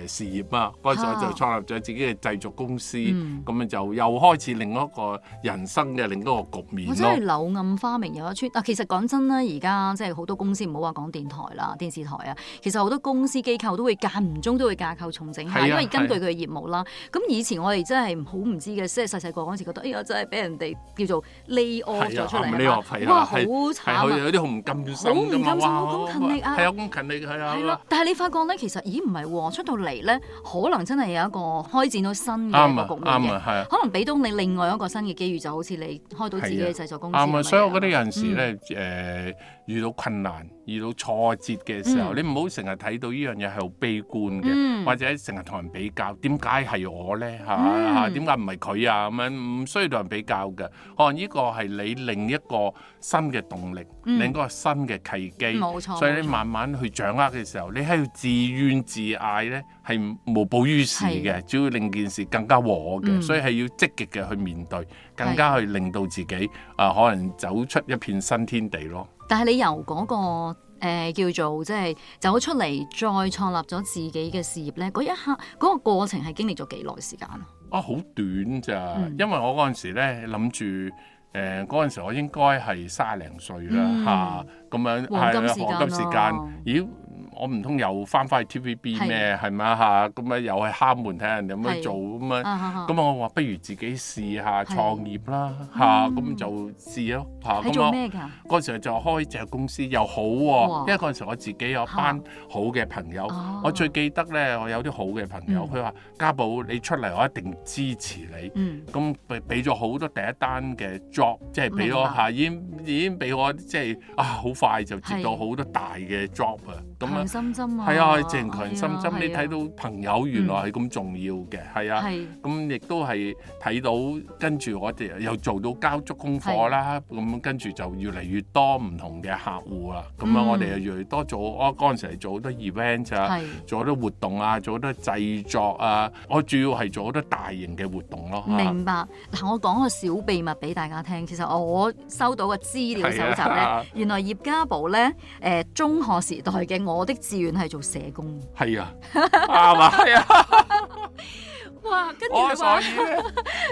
事業啊！嗰陣就創立咗自己嘅製作公司，咁咪就又開始另一個人生嘅另一個局面。我真係柳暗花明又一村。嗱，其實講真啦，而家即係好多公司，唔好話講電台啦、電視台啊，其實好多公司機構都會間唔中都會架構重整下，因為根據佢嘅業務啦。咁以前我哋真係好唔知嘅，即係細細個嗰陣時覺得，哎呀真係俾人哋叫做 lay off 咗出嚟，哇好慘啊！有啲好唔甘心，好唔甘心咁勤力啊！係咯，但係你發覺咧，其實咦唔係喎，出到嚟咧，可能真係有一個開展到新嘅局面嘅，啱啊、啱啊、可能俾到你另外一個新嘅機遇，就好似你開到自己嘅製、啱啊、作公司啱啊！是所以我覺得有陣時咧，誒、嗯呃、遇到困難、遇到挫折嘅時候，嗯、你唔好成日睇到呢樣嘢係好悲觀嘅，嗯、或者成日同人比較，點解係我咧嚇？點解唔係佢啊？咁樣唔需要同人比較嘅。可能呢個係你另一個新嘅動力，令個、嗯、新嘅契機，錯所以你慢慢去掌握嘅時候，錯你係要自怨自艾咧，係無補於事嘅。是主要令件事更加和嘅，嗯、所以係要積極嘅去面對，更加去令到自己啊是、呃，可能走出一片新天地咯。但係你由嗰、嗰個、呃、叫做即係走出嚟，再創立咗自己嘅事業咧，嗰一刻嗰、嗰個過程係經歷咗幾耐時間啊？啊，好短咋，因為我嗰陣時咧諗住。想著想著誒，嗰陣時我應該係卅零歲啦嚇，咁、嗯啊、樣係啦、啊，黃金時間，咦？我唔通又翻返去 T V B 咩？係咪？嚇咁啊！又去敲門睇人哋咁樣做咁啊？咁我話不如自己試下創業啦嚇，咁就試咯嚇。咁我嗰陣時就開隻公司又好喎，因為嗰陣時我自己有班好嘅朋友。我最記得咧，我有啲好嘅朋友，佢話家寶你出嚟，我一定支持你。咁俾俾咗好多第一單嘅 job，即係俾我嚇，已經已經俾我即係啊，好快就接到好多大嘅 job 啊！咁啊！係啊，情強心針，你睇到朋友原來係咁重要嘅，係啊，咁亦都係睇到跟住我哋又做到交足功課啦，咁跟住就越嚟越多唔同嘅客戶啦，咁啊，我哋又越嚟越多做，我嗰陣時做好多 event 啊，做好多活動啊，做好多製作啊，我主要係做好多大型嘅活動咯。明白嗱，我講個小秘密俾大家聽，其實我收到個資料搜集咧，原來葉家寶咧，誒中學時代嘅。我的志願係做社工，係啊，啱啊，係啊，哇，跟住佢話，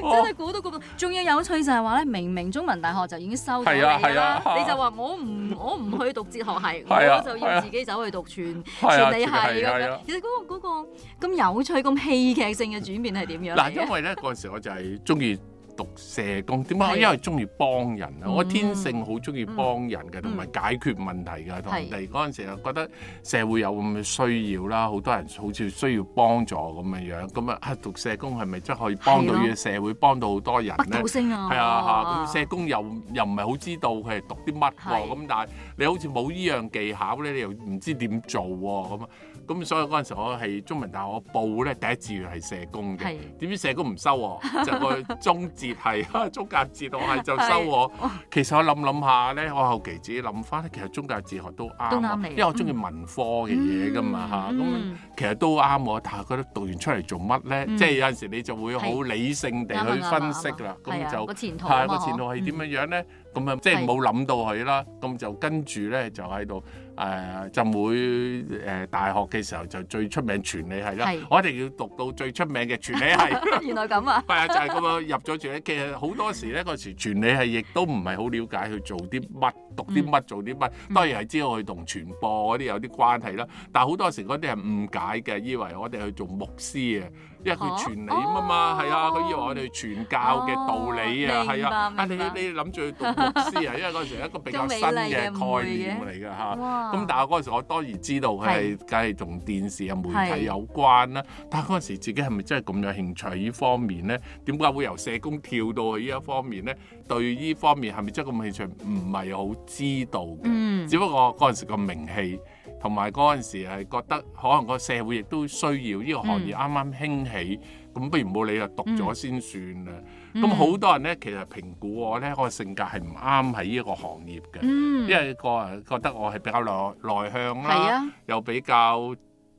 哦、 [laughs] 真係估到估、那、到、個，仲要、哦、有，有趣就係話咧，明明中文大學就已經收咗你啦，啊啊、你就話我唔我唔去讀哲學系，啊、我就要自己走去讀傳傳理系咁樣，啊、其實嗰、那個、那個咁、那個那個、有趣咁戲劇性嘅轉變係點樣？嗱，因為咧嗰、那個、時我就係中意。讀社工點解？為啊、因為中意幫人啊！嗯、我天性好中意幫人嘅，同埋、嗯、解決問題嘅。同嚟嗰陣時又覺得社會有咁嘅需要啦，好多人好似需要幫助咁樣樣咁啊！讀社工係咪真係可以幫到呢個、啊、社會，幫到好多人咧？北斗星啊！係咁、啊啊、社工又又唔係好知道佢係讀啲乜喎？咁、啊啊、但係你好似冇依樣技巧咧，你又唔知點做喎咁啊！咁所以嗰陣時我係中文大學報咧，第一志願係社工嘅。點知社工唔收喎，就個中哲係中教哲學系，我係就收我。其實我諗諗下咧，我後期自己諗翻咧，其實中教哲學都啱啊，因為我中意文科嘅嘢噶嘛嚇。咁其實都啱我，但係覺得讀完出嚟做乜咧？即係有陣時你就會好理性地去分析啦。咁就個前途係點樣樣咧？咁樣即係冇諗到佢啦，咁是就跟住咧就喺度誒，就浸會大學嘅時候就最出名傳理系啦。是我一定要讀到最出名嘅傳理系。 [laughs] 原來咁啊！係 [laughs] 啊，就係咁啊，入咗傳理。其實好多時咧，嗰時傳理係亦都唔係好了解去做啲乜，讀啲乜，做啲乜，嗯、當然係知道佢同傳播嗰啲有啲關係啦。嗯、但係好多時嗰啲係誤解嘅，以為我哋去做牧師啊。因為佢傳理咁啊嘛，係、哦、啊，佢以為我哋傳教嘅道理、哦、啊，係白啊，你你諗住去讀牧師啊？ [laughs] 因為嗰陣時係一個比較新嘅概念嚟㗎嚇。咁但係我嗰時我當然知道佢係梗係同電視啊媒體有關啦。是但係嗰陣時自己係咪真係咁有興趣呢方面咧？點解會由社工跳到去呢一方面咧？對呢方面係咪真係咁興趣？唔係好知道嘅。嗯、只不過嗰陣時個名氣。同埋嗰陣時係覺得可能個社會亦都需要呢個行業啱啱興起，咁、嗯、不如冇理由讀咗先算啦。咁好、嗯、多人咧，其實評估我咧，我個性格係唔啱喺呢個行業嘅，嗯、因為個人覺得我係比較內內向啦，嗯、又比較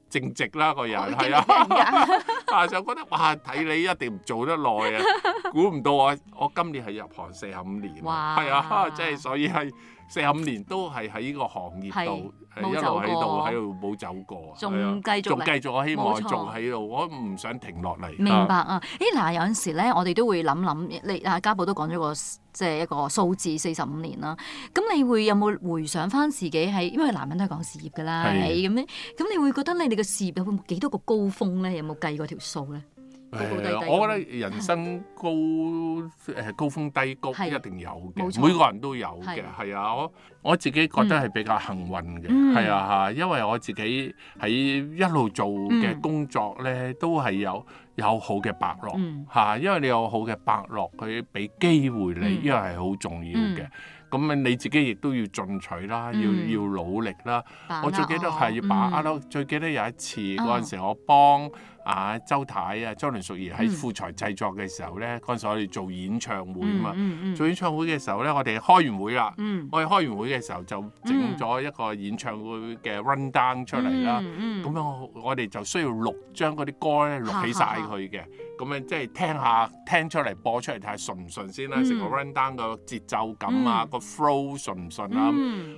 正直啦個、嗯、人係，係啊，就覺得哇，睇你一定唔做得耐啊，估唔到我我今年係入行四十五年，係啊，即係所以係。四十五年都係喺呢個行業度，係一路喺度喺度冇走過，仲繼續，仲、啊、繼續錯，我希望仲喺度，我唔想停落嚟。明白啊？誒嗱、啊哎，有陣時咧，我哋都會諗諗，你阿家寶都講咗個即係、就是、一個數字，四十五年啦。咁你會有冇回想翻自己係？因為男人都係講事業噶啦，咁咧的，咁你會覺得你哋嘅事業有冇幾多個高峰咧？有冇計過條數咧？我覺得人生高誒高峯低谷一定有嘅，每個人都有嘅，係啊，我我自己覺得係比較幸運嘅，係啊嚇，因為我自己喺一路做嘅工作咧，都係有有好嘅伯樂嚇，因為你有好嘅伯樂佢俾機會你，因為係好重要嘅。咁啊，你自己亦都要進取啦，要要努力啦。我最記得係要把握咯，最記得有一次嗰陣時，我幫啊，周太啊，周梁淑怡喺富才製作嘅時候咧，陣時我哋做演唱會啊嘛，做演唱會嘅時候咧，我哋開完會啦，我哋開完會嘅時候就整咗一個演唱會嘅 run down 出嚟啦，咁樣我我哋就需要錄將嗰啲歌咧錄起晒佢嘅，咁樣即係聽下聽出嚟播出嚟睇下順唔順先啦，成個 run down 個節奏感啊，個 flow 順唔順啊，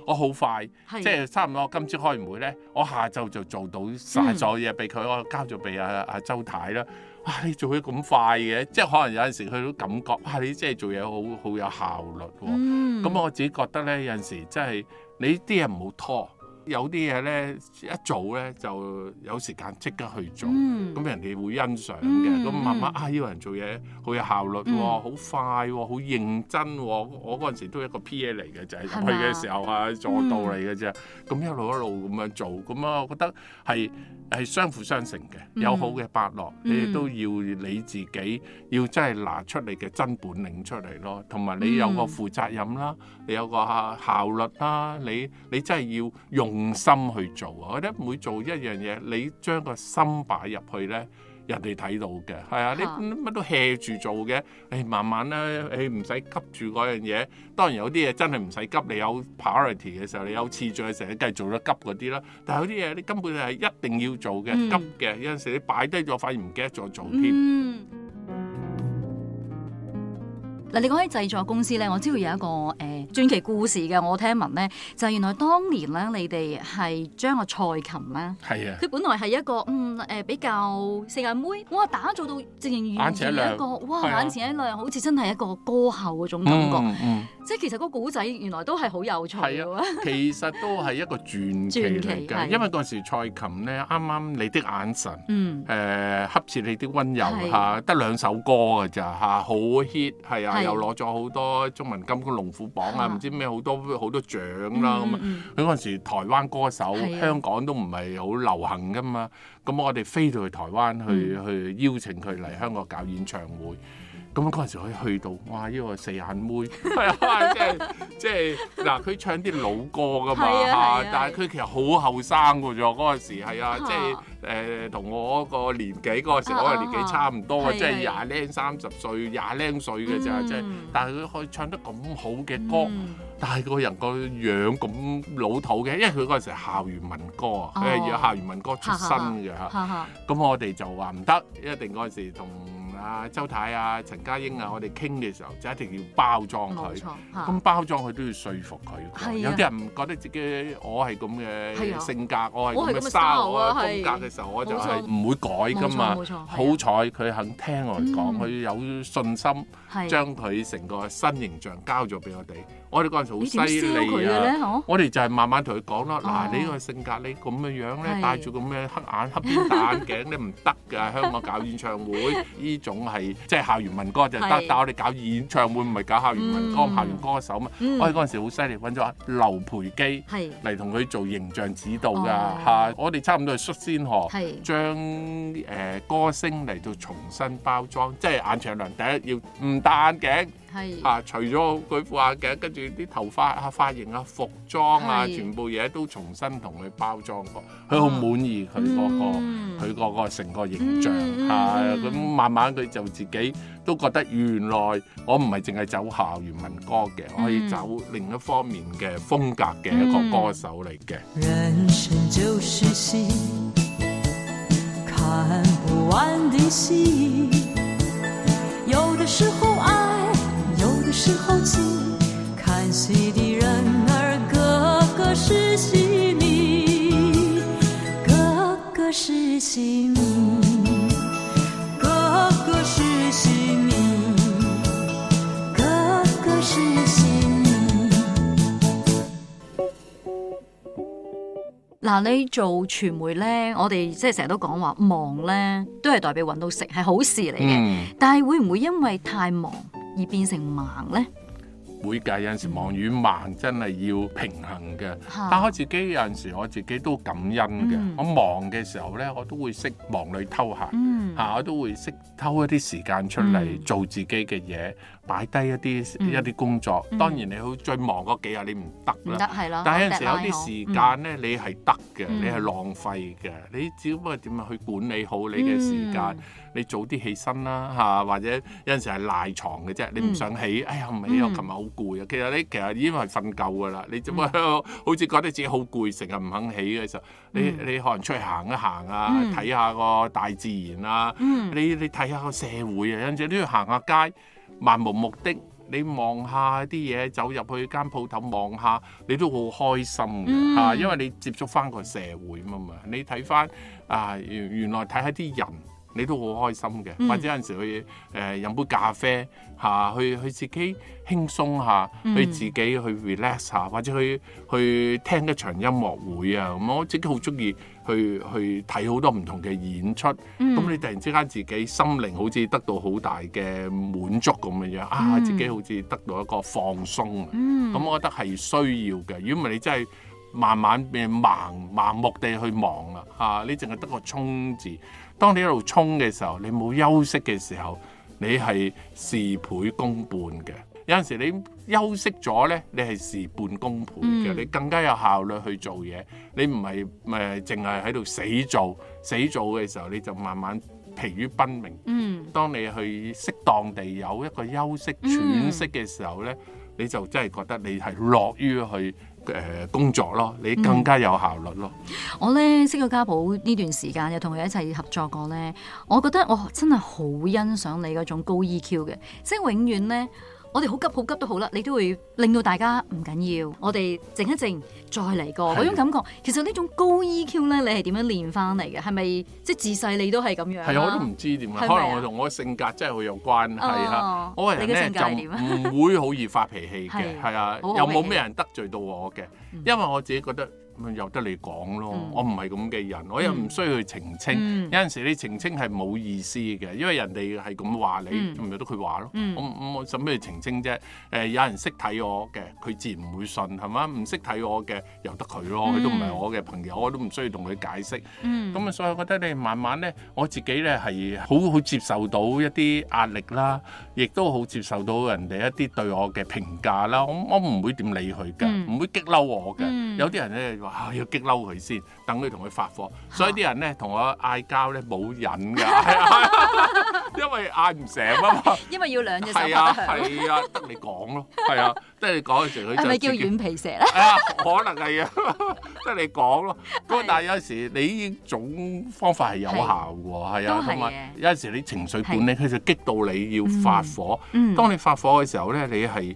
我好快，即係差唔多今朝開完會咧，我下晝就做到晒所有嘢俾佢，我交咗俾佢。阿周太啦，哇！你做嘢咁快嘅，即係可能有陣時佢都感覺，哇！你即係做嘢好好有效率喎、哦。咁、嗯、我自己覺得咧，有陣時即係，你啲嘢唔好拖。有啲嘢咧一做咧就有時間即刻去做。咁、嗯、人哋會欣賞嘅。咁慢慢啊，呢個人做嘢好有效率喎、哦，好、嗯、快喎、哦，好認真喎、哦。我陣時都係一個 P.A. 嚟嘅，就係入去嘅時候啊，嗎助導嚟嘅啫。咁、嗯、一路一路咁樣做，咁啊，我覺得係係相輔相成嘅。有好嘅伯樂，嗯、你都要你自己要真係拿出你嘅真本領出嚟咯。同埋你有個負責任啦，你有個效率啦，你你真係要用。用心去做啊！我覺得每做一樣嘢，你將個心擺入去咧，人哋睇到嘅，係啊，你乜都 hea 住做嘅，誒、哎、慢慢啦，誒唔使急住嗰樣嘢。當然有啲嘢真係唔使急，你有 priority 嘅時候，你有次序嘅時候，你梗係做得急嗰啲啦。但係有啲嘢你根本就係一定要做嘅，嗯、急嘅。有陣時你擺低咗，反而唔記得咗做添。嗯嗱，你講起製作公司咧，我知道有一個誒傳奇故事嘅，我聽聞咧就係原來當年咧，你哋係將個蔡琴咧，係啊，佢本來係一個嗯誒比較四眼妹，我打造到正然完全一個哇，眼前一亮，好似真係一個歌后嗰種感覺，即係其實嗰個故仔原來都係好有趣嘅，其實都係一個傳奇嚟嘅，因為嗰陣時蔡琴咧啱啱你的眼神，嗯，恰似你啲溫柔嚇，得兩首歌㗎咋嚇，好 hit 係啊。又攞咗好多中文金曲龍虎榜是啊，唔知咩好多好多獎啦咁啊！佢嗰陣時台灣歌手，是啊，香港都唔係好流行噶嘛，咁我哋飛到去台灣去去邀請佢嚟香港搞演唱會。咁嗰陣時可以去到，哇！呢個四眼妹，係啊，即係即係嗱，佢唱啲老歌噶嘛，但係佢其實好後生嘅啫，嗰陣時係啊，即係誒同我個年紀嗰陣時，我個年紀差唔多嘅，即係廿零三十歲、廿零歲嘅咋。即係，但係佢可以唱得咁好嘅歌，但係個人個樣咁老土嘅，因為佢嗰陣時係校園民歌啊，佢係要校園民歌出身嘅嚇，咁我哋就話唔得，一定嗰陣時同。啊，周太啊，陳家英啊，我哋傾嘅時候就一定要包裝佢，咁包裝佢都要說服佢。係啊，有啲人唔覺得自己，我係咁嘅性格，我係咁嘅沙，我係風格嘅時候，我就係唔會改㗎嘛。冇錯，冇錯，好彩佢肯聽我講，佢有信心將佢成個新形象交咗俾我哋。我哋嗰陣時好犀利啊！我哋就係慢慢同佢講咯。嗱，你呢個性格，你咁嘅樣咧，戴住個咩黑眼黑邊戴眼鏡你唔得噶。香港搞演唱會，呢種係即係校園民歌就得，但我哋搞演唱會唔係搞校園民歌、校園歌手嘛。我哋嗰陣時好犀利，揾咗劉培基嚟同佢做形象指導噶嚇。我哋差唔多係率先河，將誒歌星嚟到重新包裝，即係眼長亮。第一要唔戴眼鏡。啊！除咗佢副眼鏡，跟住啲頭髮啊、髮型啊、服裝啊，全部嘢都重新同佢包裝過。佢好滿意佢嗰個佢嗰個成個形象，係咁慢慢佢就自己都覺得原來我唔係淨係走校園民歌嘅，我可以走另一方面嘅風格嘅一個歌手嚟嘅。是紅戲，看戲的人兒個個是戲迷，個個是戲迷，個個是戲迷，個個是戲迷。嗱，你做傳媒咧，我哋即係成日都講話忙咧，都係代表搵到食，係好事嚟嘅。但係會唔會因為太忙？而變成盲呢？會計有陣時忙與盲真係要平衡嘅。的但我自己有陣時我自己都感恩嘅。嗯、我忙嘅時候咧，我都會識忙裡偷閒嚇、嗯啊，我都會識偷一啲時間出嚟、嗯、做自己嘅嘢，擺低一啲、嗯、一啲工作。當然你好最忙嗰幾日你唔得啦，但係有陣時有啲時間咧你係得嘅，你係浪費嘅。你只不過點樣去管理好你嘅時間？嗯、你早啲起身啦嚇，或者有陣時係賴床嘅啫，你唔想起，哎呀唔起，我琴日攰啊！其實你其實已經係瞓夠噶啦，你點解好似覺得自己好攰，成日唔肯起嘅時候，你你可能出去行一行啊，睇下個大自然啊，你你睇下個社會啊，甚至都要行下街，漫無目的，你望下啲嘢，走入去間鋪頭望下，你都好開心嘅，因為你接觸翻個社會啊嘛，你睇翻啊，原來睇下啲人。你都好開心嘅，嗯、或者有陣時去誒飲、呃、杯咖啡嚇、啊，去去自己輕鬆下，嗯、去自己去 relax 下，或者去去聽一場音樂會啊。咁、嗯、我自己好中意去去睇好多唔同嘅演出。咁、嗯、你突然之間自己心靈好似得到好大嘅滿足咁樣樣啊，嗯、自己好似得到一個放鬆。咁、嗯嗯、我覺得係需要嘅。如果唔係你真係慢慢變盲，盲目地去忙啦嚇、啊，你淨係得個衝字。當你一路衝嘅時候，你冇休息嘅時候，你係事倍功半嘅。有陣時你休息咗呢，你係事半功倍嘅。你更加有效率去做嘢，你唔係誒淨係喺度死做死做嘅時候，你就慢慢疲於奔命。嗯，當你去適當地有一個休息喘息嘅時候呢，你就真係覺得你係樂於去。誒、呃、工作咯，你更加有效率咯。嗯、我呢識個家寶呢段時間又同佢一齊合作過呢，我覺得我真係好欣賞你嗰種高 EQ 嘅，即係永遠呢。我哋好急好急都好啦，你都會令到大家唔緊要。我哋靜一靜，再嚟過嗰的種感覺。其實呢種高 EQ 咧，你係點樣練翻嚟嘅？係咪即係自細你都係咁樣,、啊、樣？係啊，我都唔知點樣，可能我同我嘅性格真係好有關係啦。啊啊、我人咧就唔會好易發脾氣嘅，係啊 [laughs] 的，又冇咩人得罪到我嘅，因為我自己覺得。咁由得你講咯，我唔係咁嘅人，我又唔需要去澄清。有陣時你澄清係冇意思嘅，因為人哋係咁話你，咪由得佢話咯。我我使咩澄清啫？誒，有人識睇我嘅，佢自然唔會信係嘛？唔識睇我嘅，由得佢咯。佢都唔係我嘅朋友，我都唔需要同佢解釋。咁啊，所以我覺得你慢慢咧，我自己咧係好好接受到一啲壓力啦，亦都好接受到人哋一啲對我嘅評價啦。我我唔會點理佢㗎，唔會激嬲我嘅。有啲人咧。啊！要激嬲佢先，等佢同佢發火，所以啲人咧同我嗌交咧冇忍噶，因為嗌唔成啊嘛。因為要兩隻手。係啊係啊，得你講咯，係啊，得你講嘅時候佢。就，咪叫軟皮蛇咧？啊，可能係啊，即係你講咯。不過但係有時你呢種方法係有效喎，係啊，同埋有陣時你情緒管理，佢就激到你要發火。嗯。當你發火嘅時候咧，你係。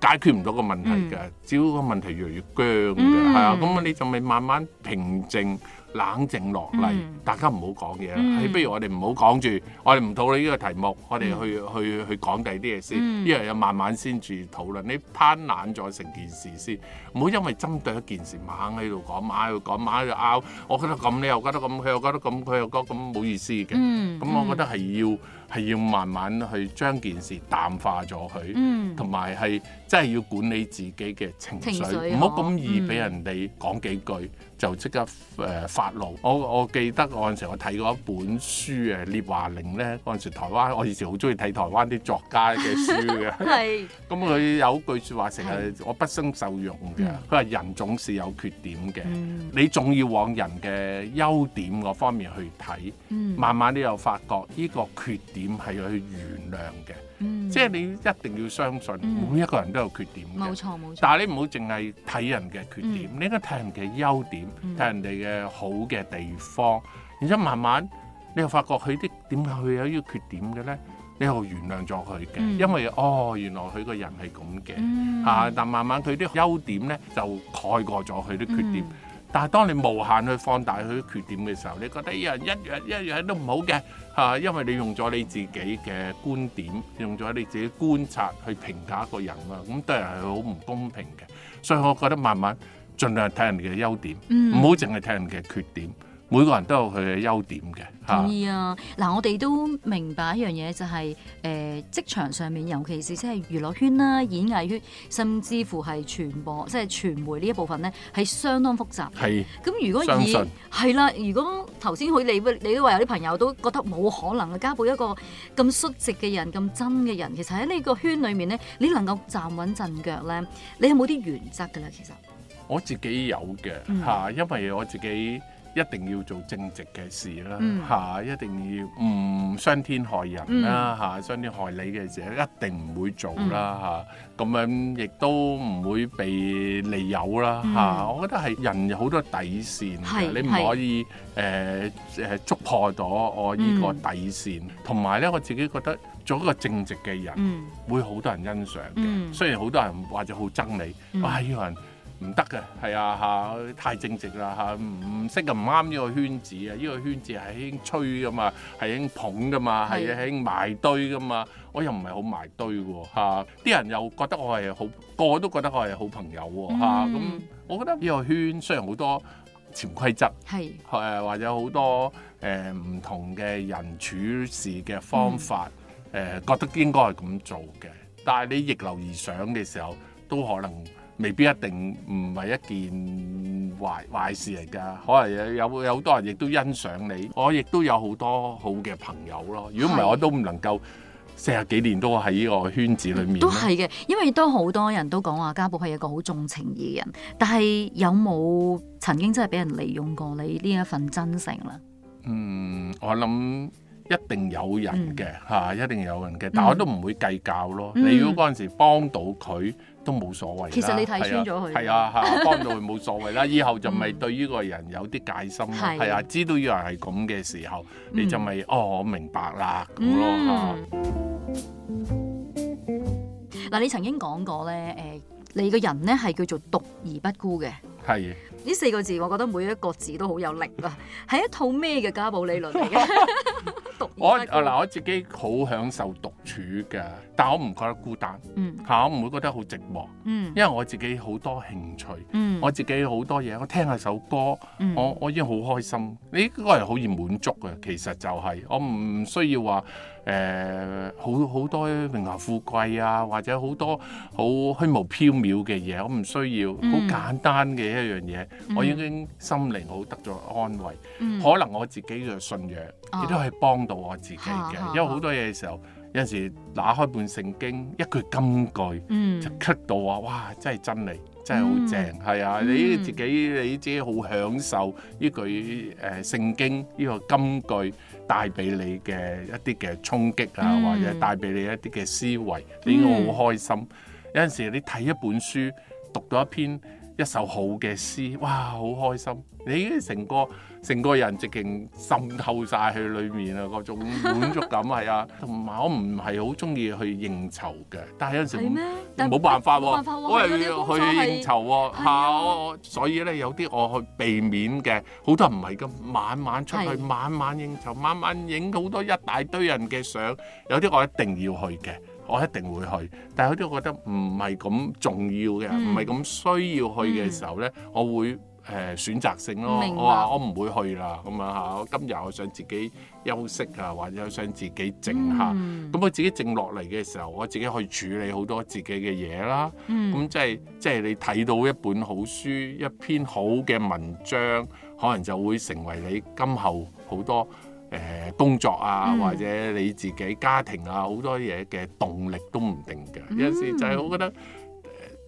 解決唔到個問題嘅，只要個問題越嚟越僵嘅，係啊，咁你仲未慢慢平靜、冷靜落嚟，大家唔好講嘢啦。不如我哋唔好講住，我哋唔討論呢個題目，我哋去去去講第啲嘢先，一樣又慢慢先住討論。你攤冷咗成件事先，唔好因為針對一件事猛喺度講，猛喺度講，猛喺度拗。我覺得咁你又覺得咁，佢又覺得咁，佢又覺得咁，冇意思嘅。咁我覺得係要。係要慢慢去將件事淡化咗佢，嗯，同埋係真係要管理自己嘅情緒，唔好咁易俾人哋講幾句。嗯嗯就即刻誒發怒！我我記得嗰陣時，我睇過一本書誒，聶華苓咧嗰陣時台灣，我以前好鍾意睇台灣啲作家嘅書嘅。係 [laughs] 是。咁佢有句説話成日我不勝受用嘅，佢話是人總是有缺點嘅，嗯、你仲要往人嘅優點嗰方面去睇，嗯、慢慢你又發覺呢個缺點係要去原諒嘅。嗯嗯、即係你一定要相信，嗯、每一個人都有缺點嘅。冇錯，冇錯。但係你唔好淨係睇人嘅缺點，嗯、你應該睇人嘅優點，睇、嗯、人哋嘅好嘅地方。然之後慢慢，你又發覺佢啲點解佢有呢個缺點嘅咧？你又原諒咗佢嘅，嗯、因為哦原來佢個人係咁嘅啊！但慢慢佢啲優點咧就蓋過咗佢啲缺點。嗯嗯但係當你無限去放大佢啲缺點嘅時候，你覺得呢樣一樣一樣都唔好嘅嚇、啊，因為你用咗你自己嘅觀點，用咗你自己觀察去評價一個人啦，咁對人係好唔公平嘅。所以我覺得慢慢盡量睇人哋嘅優點，唔好淨係睇人嘅缺點。每個人都有佢嘅優點嘅。同意啊！嗱，我哋都明白一樣嘢、就是，就係誒職場上面，尤其是即係娛樂圈啦、啊、演藝圈，甚至乎係傳播，即係傳媒呢一部分咧，係相當複雜。係是。咁如果以係啦信、啊，如果頭先佢你你都話有啲朋友都覺得冇可能啊，交配一個咁率直嘅人、咁真嘅人，其實喺呢個圈裡面咧，你能夠站穩陣腳咧，你有冇啲原則㗎咧？其實我自己有嘅嚇，嗯、因為我自己。一定要做正直嘅事啦，嚇！一定要唔傷天害人啦，嚇！傷天害理嘅事一定唔會做啦，嚇！咁樣亦都唔會被利誘啦，嚇！我覺得係人有好多底線，你唔可以誒誒捉破咗我呢個底線。同埋咧，我自己覺得做一個正直嘅人會好多人欣賞嘅，雖然好多人或者好憎你，啊呢個人。唔得嘅，係啊嚇，太正直啦嚇，唔識啊，唔啱呢個圈子啊，呢、這個圈子係興吹㗎嘛，係興捧㗎嘛，係興的、啊、埋堆㗎嘛，我又唔係好埋堆喎啲、啊、人又覺得我係好，個個都覺得我係好朋友喎咁、啊嗯啊、我覺得呢個圈雖然好多潛規則，係誒是，或者好多誒唔、呃、同嘅人處事嘅方法，誒、嗯呃、覺得應該係咁做嘅，但係你逆流而上嘅時候，都可能。未必一定唔係一件壞壞事嚟㗎，可能有，有好多人亦都欣賞你，我亦都有好多好嘅朋友咯。如果唔係，我都唔能夠四十幾年都喺呢個圈子裡面。都係嘅，因為都好多人都講話家寶係一個好重情義嘅人，但係有冇曾經真係俾人利用過你呢一份真誠咧？嗯，我諗一定有人嘅嚇，一定有人嘅，但係我都唔會計較咯。你如果嗰陣時幫到佢，都冇所謂，其實你睇穿咗佢，係啊，啊，啊，幫到佢冇所謂啦，以後就咪對呢個人有啲戒心啦，係、 [laughs] 嗯、啊，知道有人係咁嘅時候，嗯、你就咪哦，我明白啦咁咯。嗱，你曾經講過咧，誒、呃，你個人咧係叫做獨而不孤嘅，係呢是四個字，我覺得每一個字都好有力啊，係 [laughs] 一套咩嘅家寶理論嚟嘅？ [laughs] 我嗱我自己好享受獨處嘅，但我唔覺得孤單，吓、嗯、我唔會覺得好寂寞，嗯、因為我自己好多興趣，嗯、我自己好多嘢，我聽下首歌，嗯、我我已經好開心，呢個人好易滿足嘅。其實就係、是、我唔需要話誒、呃，好好多榮華富貴啊，或者好多好虛無縹緲嘅嘢，我唔需要，好、嗯、簡單嘅一樣嘢，嗯、我已經心靈好得咗安慰。嗯、可能我自己嘅信仰亦都係幫。到我自己嘅，因為好多嘢嘅時候，有陣時打開本聖經，一句金句，嗯、就 cut 到話，哇，真係真理，真係好正，係、嗯、啊，你自己你自己好享受呢句誒聖、呃、經呢個金句帶俾你嘅一啲嘅衝擊啊，或者帶俾你一啲嘅思維，嗯、你應該好開心。有陣時你睇一本書，讀到一篇一首好嘅詩，哇，好開心。你已經成個成個人直情滲透晒去裏面啊，嗰種滿足感啊，係啊，同埋我唔係好中意去應酬嘅。但係有陣時冇辦法喎、啊，我係要去應酬喎，所以咧有啲我去避免嘅。好多唔係咁晚晚出去，晚晚應酬，晚晚影好多一大堆人嘅相。有啲我一定要去嘅，我一定會去。但係有啲我覺得唔係咁重要嘅，唔係咁需要去嘅時候咧，嗯、我會。誒、嗯、選擇性咯，明白。我話我唔會去啦，咁啊嚇！我今日我想自己休息啊，或者想自己靜下。咁、嗯、我自己靜落嚟嘅時候，我自己去以處理好多自己嘅嘢啦。咁即係即係你睇到一本好書、一篇好嘅文章，可能就會成為你今後好多誒、呃、工作啊，嗯、或者你自己家庭啊好多嘢嘅動力都唔定嘅。有時、嗯、就係我覺得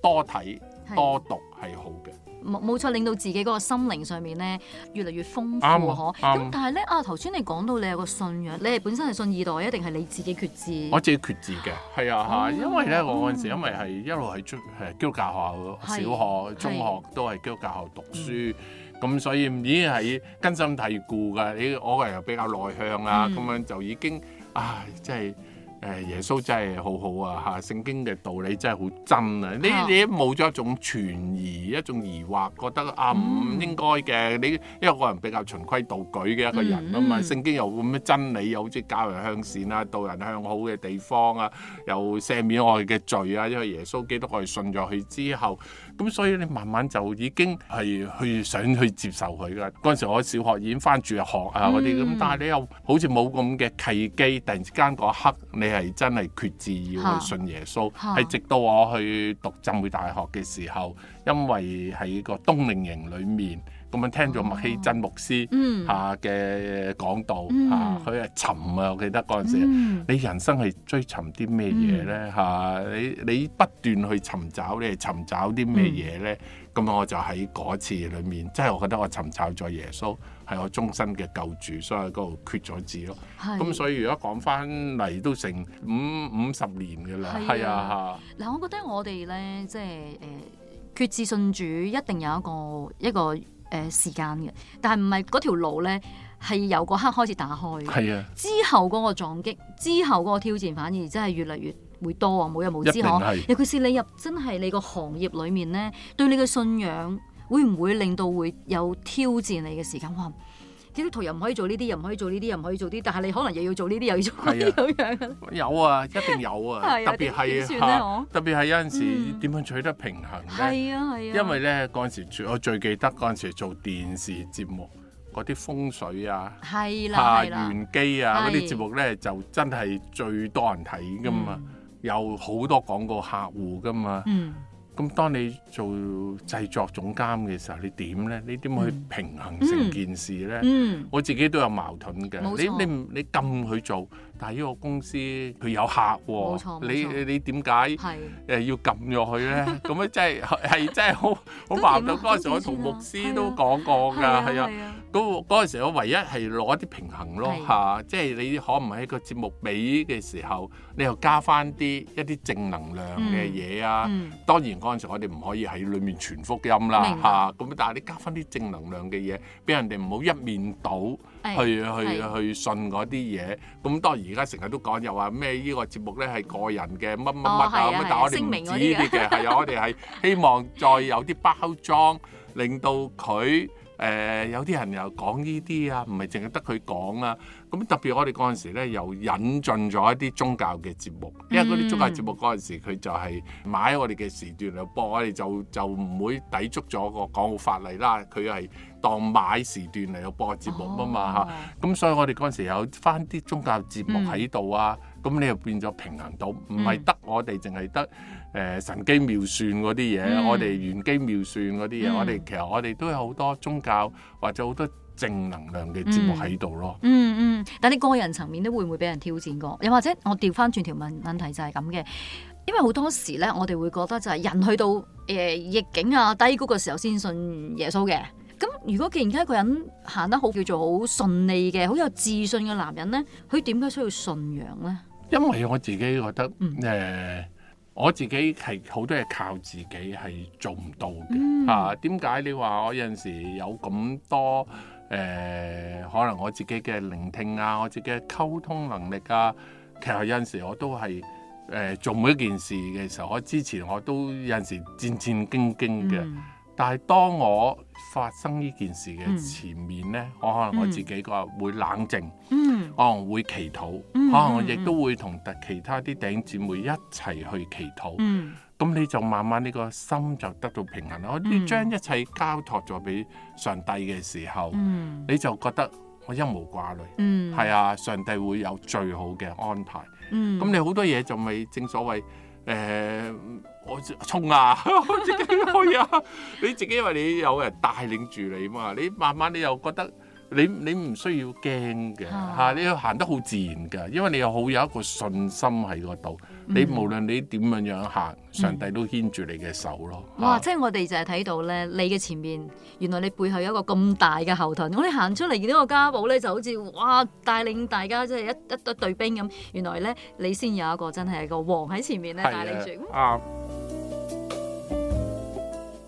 多睇多讀係好嘅。嗯嗯冇冇錯，令到自己嗰個心靈上面咧越嚟越豐富嗬，咁但係咧啊，頭先你講到你有個信仰，你係本身係信二代，一定係你自己決志。我自己決志嘅，係啊嚇，嗯、因為咧、嗯、我嗰陣時因為係一路喺中誒基督教學校、小學、中學都係基督教學校讀書，咁、嗯、所以已止已經係根深蒂固㗎。你我個人又比較內向啊，咁、嗯嗯、樣就已經唉，真係。真誒耶穌真係好好啊！嚇，聖經嘅道理真係好真啊！呢啲冇咗一種存疑，一種疑惑，覺得啊唔、嗯嗯、應該嘅。你因為我係比較循規蹈矩嘅一個人啊嘛，聖、嗯嗯嗯、經又咁嘅真理，又好似教人向善啊、導人向好嘅地方啊，又赦免我哋嘅罪啊，因為耶穌基督可以信咗佢之後。咁所以你慢慢就已經係去想去接受佢噶，嗰陣時我小學已經返住學啊嗰啲，咁、嗯、但係你又好似冇咁嘅契機，突然之間嗰刻你係真係決志要去信耶穌，係直到我去讀浸會大學嘅時候，因為喺個冬令營裡面。咁樣聽咗麥希真牧師嚇嘅講道嚇，佢係尋啊，我記得嗰陣時。嗯、你人生係追尋啲咩嘢咧嚇？你你不斷去尋找咧，你尋找啲咩嘢咧？咁、嗯、我就喺嗰次裏面，即、就、係、是、我覺得我尋找咗耶穌係我終身嘅救主，所以喺嗰度決咗志咯。咁是所以如果講翻嚟都成五五十年嘅啦，係啊。嗱、啊，啊、我覺得我哋咧即係誒決志信主，一定有一個一個。誒時間嘅，但係唔係嗰條路咧係由嗰刻開始打開嘅。係啊，之後嗰個撞擊，之後嗰個挑戰反而真係越嚟越會多喎，冇日無之可。尤其是你入真係你個行業裡面咧，對你嘅信仰會唔會令到會有挑戰你嘅時間？哇啲圖又唔可以做呢啲，又唔可以做呢啲，又唔可以做啲，但係你可能又要做呢啲，又要做呢啲咁樣嘅。有啊，一定有啊，特別係啊，特別係有陣時點樣取得平衡咧？係啊，係啊。因為咧陣時，我最記得嗰陣時做電視節目嗰啲風水啊，係啦、啊，玄機啊嗰啲節目咧就真係最多人睇噶嘛，嗯、有好多廣告客戶噶嘛。嗯咁當你做製作總監嘅時候，你點咧？你點去平衡成件事咧？嗯嗯、我自己都有矛盾嘅。冇錯。你你你咁去做？但呢個公司佢有客喎，你你點解誒要撳咗佢咧？咁樣真係係真係好好矛盾。嗰陣時我同牧師都講過㗎，係啊。嗰嗰陣時我唯一係攞啲平衡咯嚇，即係你可唔可以喺個節目尾嘅時候，你又加翻啲一啲正能量嘅嘢啊？當然嗰陣時我哋唔可以喺裏面傳福音啦嚇。咁但係你加翻啲正能量嘅嘢，俾人哋唔好一面倒。去、哎、去是去信嗰啲嘢，咁當然而家成日都講，又話咩呢個節目咧係個人嘅乜乜乜啊，咁麼、啊啊、但係我哋唔聲明 不止呢啲嘅，係、 [laughs] 啊、我哋係希望再有啲包裝，令到佢。誒、呃、有啲人又講呢啲啊，唔係淨係得佢講啊。咁特別我哋嗰陣時咧，又引進咗一啲宗教嘅節目，因為嗰啲宗教節目嗰陣時佢就係買我哋嘅時段嚟播，我哋就就唔會抵觸咗個港澳法例啦。佢係當買時段嚟播節目嘛、哦、啊嘛嚇，咁所以我哋嗰陣時有翻啲宗教節目喺度、嗯、啊。咁你又變咗平衡到，唔係得我哋淨係得誒神機妙算嗰啲嘢，嗯、我哋玄機妙算嗰啲嘢，嗯、我哋其實我哋都有好多宗教或者好多正能量嘅節目喺度咯。嗯嗯，但你個人層面都會唔會俾人挑戰過？又或者我調翻轉條問題就係咁嘅，因為好多時咧，我哋會覺得就係人去到誒逆、呃、境啊、低谷嘅時候先信耶穌嘅。咁如果既然而家一個人行得好叫做好順利嘅、好有自信嘅男人咧，佢點解需要信仰咧？因為我自己覺得，誒、呃，我自己係好多嘢靠自己係做唔到嘅嚇。點解、嗯啊、你話我有陣時有咁多誒、呃，可能我自己嘅聆聽啊，我自己嘅溝通能力啊，其實有陣時我都係誒、呃、做每一件事嘅時候，我之前我都有陣時戰戰兢兢嘅。嗯但係當我發生呢件事嘅前面呢，我可能我自己個會冷靜，可能會祈禱，可能我亦都會同其他啲頂姊妹一齊去祈禱。咁你就慢慢呢個心就得到平衡啦。我將一切交託咗俾上帝嘅時候，你就覺得我一無掛慮。係啊，上帝會有最好嘅安排。咁你好多嘢就未正所謂。誒、呃，我衝啊！ [laughs] 我自己可以啊！ [laughs] 你自己，因為你有人帶領住你嘛，你慢慢你又覺得你你唔需要驚嘅嚇，你要行得好自然㗎，因為你又好有一個信心喺嗰度。你無論你點樣樣行，上帝都牽住你嘅手咯。哇！即係我哋就係睇到咧，你嘅前面原來你背後有一個咁大嘅後盾。我哋行出嚟見到個家寶咧，就好似哇帶領大家即係一一隊兵咁。原來咧，你先有一個真係一個王喺前面咧帶領住。啊！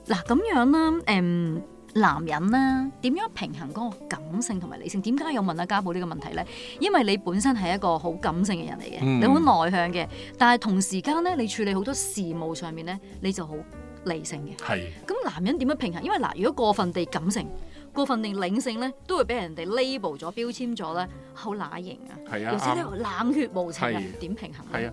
嗱，咁樣啦，誒。男人咧、啊、點樣平衡嗰個感性同埋理性？點解有問阿、啊、家寶呢個問題咧？因為你本身係一個好感性嘅人嚟嘅，嗯、你好內向嘅，但係同時間咧你處理好多事務上面咧你就好理性嘅。係是。咁男人點樣平衡？因為嗱，如果過分地感性，過分地理性咧，都會俾人哋 label 咗、標籤咗咧，好乸型啊！係啊。而且咧冷血無情啊，點、嗯啊、平衡啊？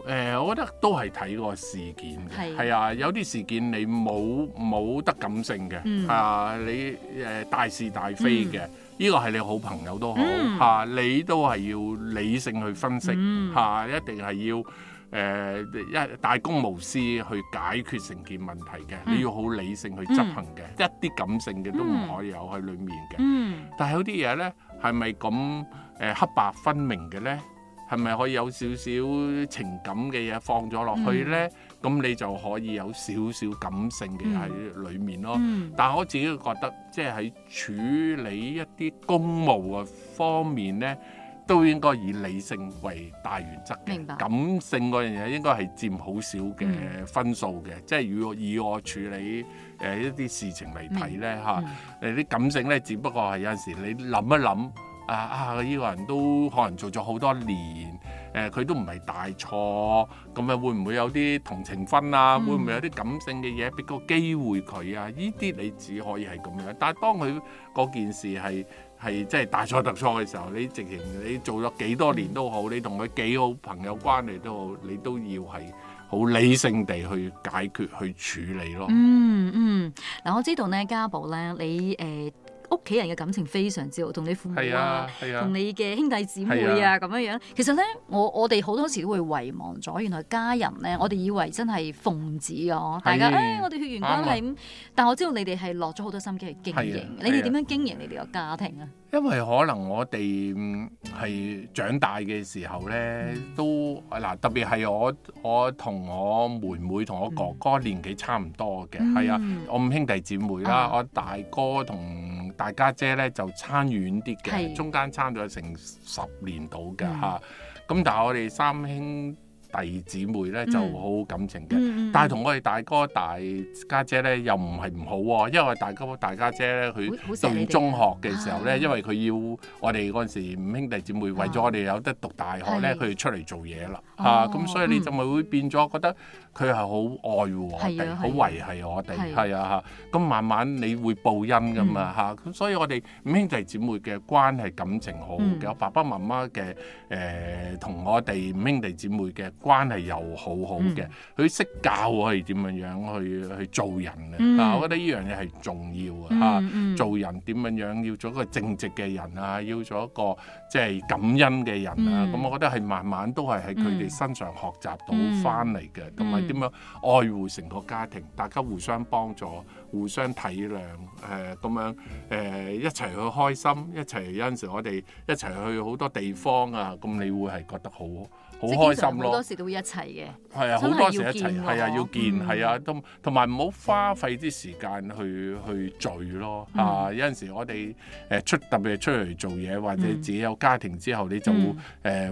誒、欸，我覺得都係睇個事件嘅，係的啊，有啲事件你冇冇得感性嘅，係、嗯啊、你誒、呃、大是大非嘅，呢、嗯、個係你好朋友都好嚇、嗯啊，你都係要理性去分析嚇、嗯啊，一定係要誒、呃、一大公無私去解決成件問題嘅，嗯、你要好理性去執行嘅，嗯嗯、一啲感性嘅都唔可以有喺裡面嘅。嗯，嗯但係有啲嘢咧，係咪咁誒黑白分明嘅咧？係咪可以有少少情感嘅嘢放咗落去呢？咁、嗯、你就可以有少少感性嘅喺裡面咯。嗯、但係我自己覺得，即係喺處理一啲公務嘅方面呢，都應該以理性為大原則嘅。明白。感性嗰樣嘢應該係佔好少嘅分數嘅。嗯、即係以我以我處理誒一啲事情嚟睇呢。明白。嚇，你啲感性呢，只不過係有陣時你諗一諗。啊啊！依、啊這個人都可能做咗好多年，誒、呃，佢都唔係大錯，咁咪會唔會有啲同情分啊？嗯、會唔會有啲感性嘅嘢俾個機會佢啊？呢啲你只可以係咁樣，但係當佢嗰件事係係即係大錯特錯嘅時候，你直情你做咗幾多年都好，嗯、你同佢幾好朋友關係都好，你都要係好理性地去解決去處理咯。嗯嗯，嗱、嗯嗯，我知道呢家寶咧，你誒。呃屋企人嘅感情非常之好，同你父母啊，同、啊啊、你嘅兄弟姊妹啊，咁樣、啊、樣。其實咧，我我哋好多時都會遺忘咗，原來家人咧，我哋以為真係奉旨啊，啊大家誒、哎，我哋血緣關係、啊、但我知道你哋係落咗好多心機去經營，啊啊、你哋點樣經營你哋個家庭啊？因為可能我哋係長大嘅時候咧，嗯、都嗱特別係我我同我妹妹同我哥哥年紀差唔多嘅，係、嗯、啊，我五兄弟姊妹啦，啊、我大哥同大家姐咧就差遠啲嘅，是中間差咗成十年到嘅吓，咁、嗯啊、但係我哋三兄弟姊妹咧、嗯、就好感情嘅，嗯、但係同我哋大哥大家姐咧又唔係唔好喎，因為大哥大家姐咧佢上中學嘅時候咧，因為佢很要我哋嗰陣時五兄弟姊妹，啊，為咗我哋有得讀大學咧，佢哋，啊，出嚟做嘢啦。啊，咁所以你就咪會變咗覺得佢係好愛護我哋，好維係我哋，係啊嚇。咁慢慢你會報恩噶嘛嚇。咁所以我哋五兄弟姊妹嘅關係感情好嘅，我爸爸媽媽嘅誒同我哋五兄弟姊妹嘅關係又好好嘅。佢識教我係點樣樣去去做人啊！我覺得呢樣嘢係重要啊嚇。做人點樣樣要做一個正直嘅人啊，要做一個即係感恩嘅人啊。咁我覺得係慢慢都係喺佢哋。身上學習到翻嚟嘅，同埋點樣愛護成個家庭，嗯、大家互相幫助、互相體諒，誒、呃、咁樣誒、呃、一齊去開心，一齊有陣時我哋一齊去好多地方啊，咁你會係覺得好。好開心咯！好多時都會一齊嘅，係啊，好多時一齊，係啊，要見，係啊，同同埋唔好花費啲時間去去聚咯。啊，有陣時我哋誒出特別出嚟做嘢，或者自己有家庭之後，你就誒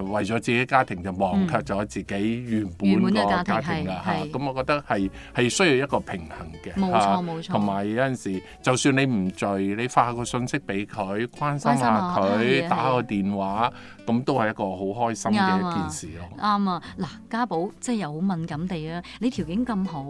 為咗自己家庭就忘卻咗自己原本個家庭㗎嚇。咁我覺得係係需要一個平衡嘅，冇錯冇錯。同埋有陣時，就算你唔聚，你發個信息俾佢，關心下佢，打個電話。咁都係一個好開心嘅一件事咯。啱啊！嗱對對，家寶即係又好敏感地啊！你條件咁好，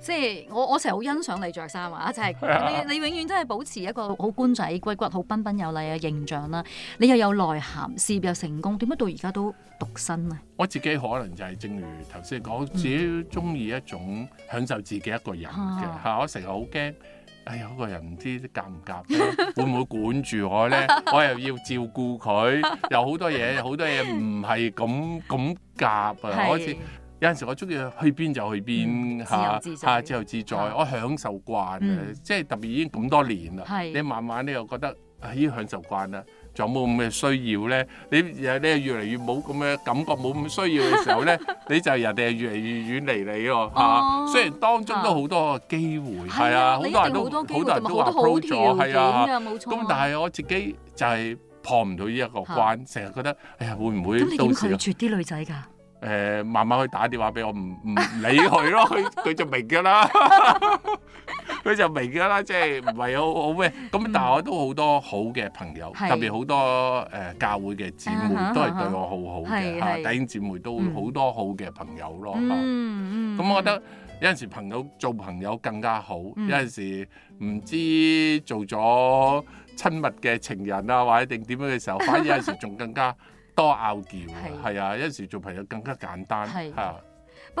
即係我我成日好欣賞你着衫啊！即係、哎、呀你你永遠真係保持一個好官仔、骨骨好彬彬有禮嘅形象啦、啊。你又有內涵，事業又成功，點解到而家都獨身呢？我自己可能就係正如頭先講，自己中意一種享受自己一個人嘅嚇，嗯啊、我成日好驚。哎呀，嗰個人唔知夾唔夾嘅， [laughs] 會唔會管住我咧？我又要照顧佢， [laughs] 有好多嘢，好多嘢唔係咁咁夾啊！是好似有陣時我中意去邊就去邊，嚇嚇、嗯、自由自在，我享受慣嘅，嗯、即係特別已經咁多年啦。是你慢慢咧又覺得已經享受慣啦。有冇咁嘅需要咧？你又你越嚟越冇咁嘅感覺，冇咁需要嘅時候咧， [laughs] 你就人哋越嚟越遠離你喎嚇。 [laughs] 吧雖然當中都好多個機會，係啊，好多人都好多人都話 approach 咗，係啊。咁但係我自己就係破唔到呢一個關，成日、啊、覺得哎呀，會唔會咁？你點拒絕啲女仔㗎？誒慢慢去打電話俾我，唔唔理佢咯，佢佢 [laughs] 就明噶啦，佢 [laughs] [laughs] 就明噶啦，即係唔係好好咩？咁、嗯、但係我都好多好嘅朋友，是特別好多誒、呃、教會嘅姊妹都係對我好好嘅、嗯嗯啊，弟兄姊妹都好多好嘅朋友咯。咁我覺得有陣時朋友做朋友更加好，嗯、有陣時唔知做咗親密嘅情人啊，或者定點樣嘅時候，反而有陣時仲更加。 [laughs] 多拗撬，係啊！有陣的時做朋友更加簡單，係啊的。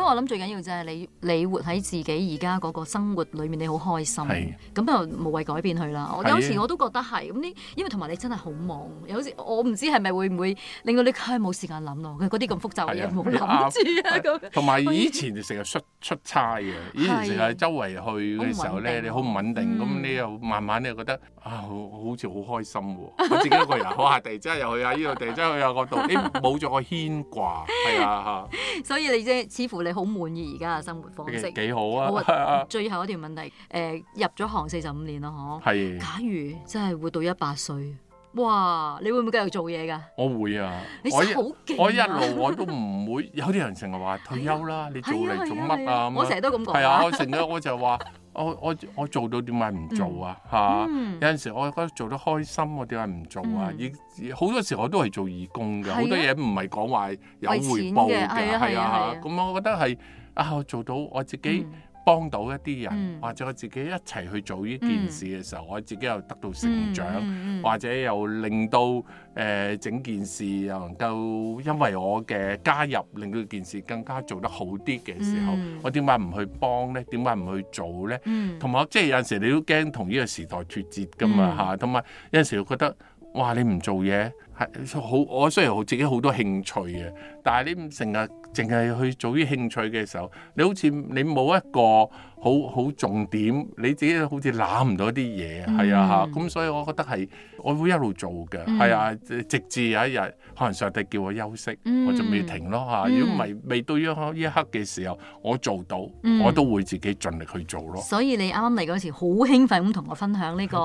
因咁我諗最緊要就係你，你活喺自己而家嗰個生活裏面，你好開心。係咁的就無謂改變佢啦。我的有時我都覺得係咁啲，因為同埋你真係好忙，有時我唔知係咪會唔會令到你太冇、哎、時間諗咯。嗰啲咁複雜嘅嘢，冇諗住啊。咁同埋以前就成日出出差嘅，以前成日周圍去嘅時候咧，的你好唔穩定。咁、嗯、你，你又慢慢咧覺得啊，好似好開心。我自己一個人好下地，真係又去下呢度地，真係去下嗰度，冇咗個牽掛，係啊。欸、啊 [laughs] 所以你即係似乎你。你好滿意而家嘅生活方式？幾好啊！最後一條問題，誒、呃、入咗行四十五年咯，嗬是。係。假如真係活到一百歲，哇！你會唔會繼續做嘢㗎？我會啊！你啊我好勁，我一路我都唔會。有啲人成日話退休啦， [laughs] 你做嚟做乜啊？我成日都咁講。係啊，我成日我就話。 [laughs] 我我我做到點解唔做啊？嚇！有陣時我覺得做得開心，我點解唔做啊？亦好、嗯、多時我都係做義工嘅，好、嗯、多嘢唔係講話有回報嘅，係啊咁我覺得係啊，我做到我自己。嗯幫到一啲人，嗯、或者我自己一齊去做呢件事嘅時候，嗯、我自己又得到成長，嗯嗯、或者又令到誒、呃、整件事又能夠因為我嘅加入，令到件事更加做得好啲嘅時候，嗯、我點解唔去幫咧？點解唔去做咧？同埋、嗯、即係有陣時你都驚同呢個時代脫節噶嘛嚇，同埋、嗯、有陣時會覺得哇你唔做嘢係好，我雖然好自己好多興趣嘅，但係你唔成日。淨係去做啲興趣嘅時候，你好似你冇一個好好重點，你自己好似攬唔到啲嘢，係啊嚇。咁所以我覺得係，我會一路做嘅，係、嗯、啊，直至有一日可能上帝叫我休息，我就未停咯嚇。如果唔係未到呢一刻嘅時候，我做到我都會自己盡力去做咯。嗯、所以你啱啱嚟嗰時好興奮咁同我分享呢個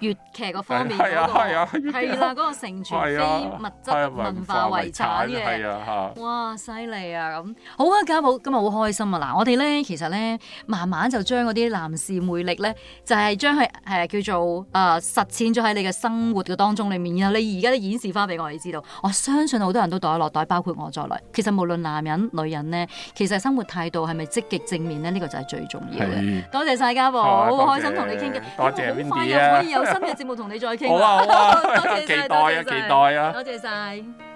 粵劇個方面，係啊係啊，係啦嗰個成全非物質文化遺產嘅，係啊嚇，哇犀利！啊，咁好啊，家寶今日好開心啊！嗱，我哋咧，其實咧，慢慢就將嗰啲男士魅力咧，就係將佢係叫做啊、呃、實踐咗喺你嘅生活嘅當中裏面，然後你而家都演示翻俾我哋知道。我相信好多人都袋咗落袋，包括我在內。其實無論男人女人咧，其實生活態度係咪積極正面咧，呢、這個就係最重要嘅是、啊。多謝晒家寶，好開心同你傾偈。多謝 Windy、啊、可以有新嘅節目同你再傾、 [laughs] 啊。好啊， [laughs] 多謝多謝期待啊，期待啊，多謝晒。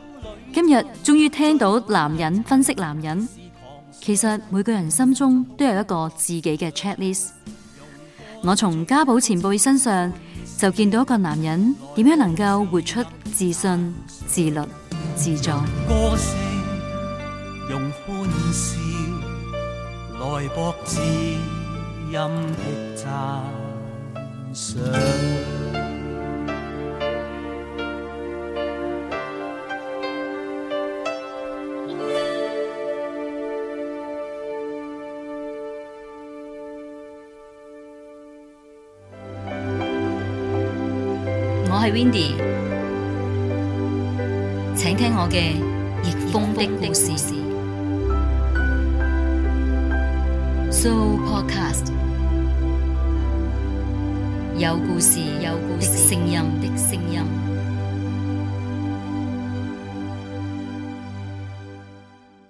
今日終於聽到男人分析男人，其實每個人心中都有一個自己嘅 checklist。我從家寶前輩身上就見到一個男人點樣能夠活出自信、自律、自在。用歡笑來搏自信的讚賞。 [noise] Windy，請聽我嘅逆風的故事。So podcast，有故事，有故事的聲音的聲音。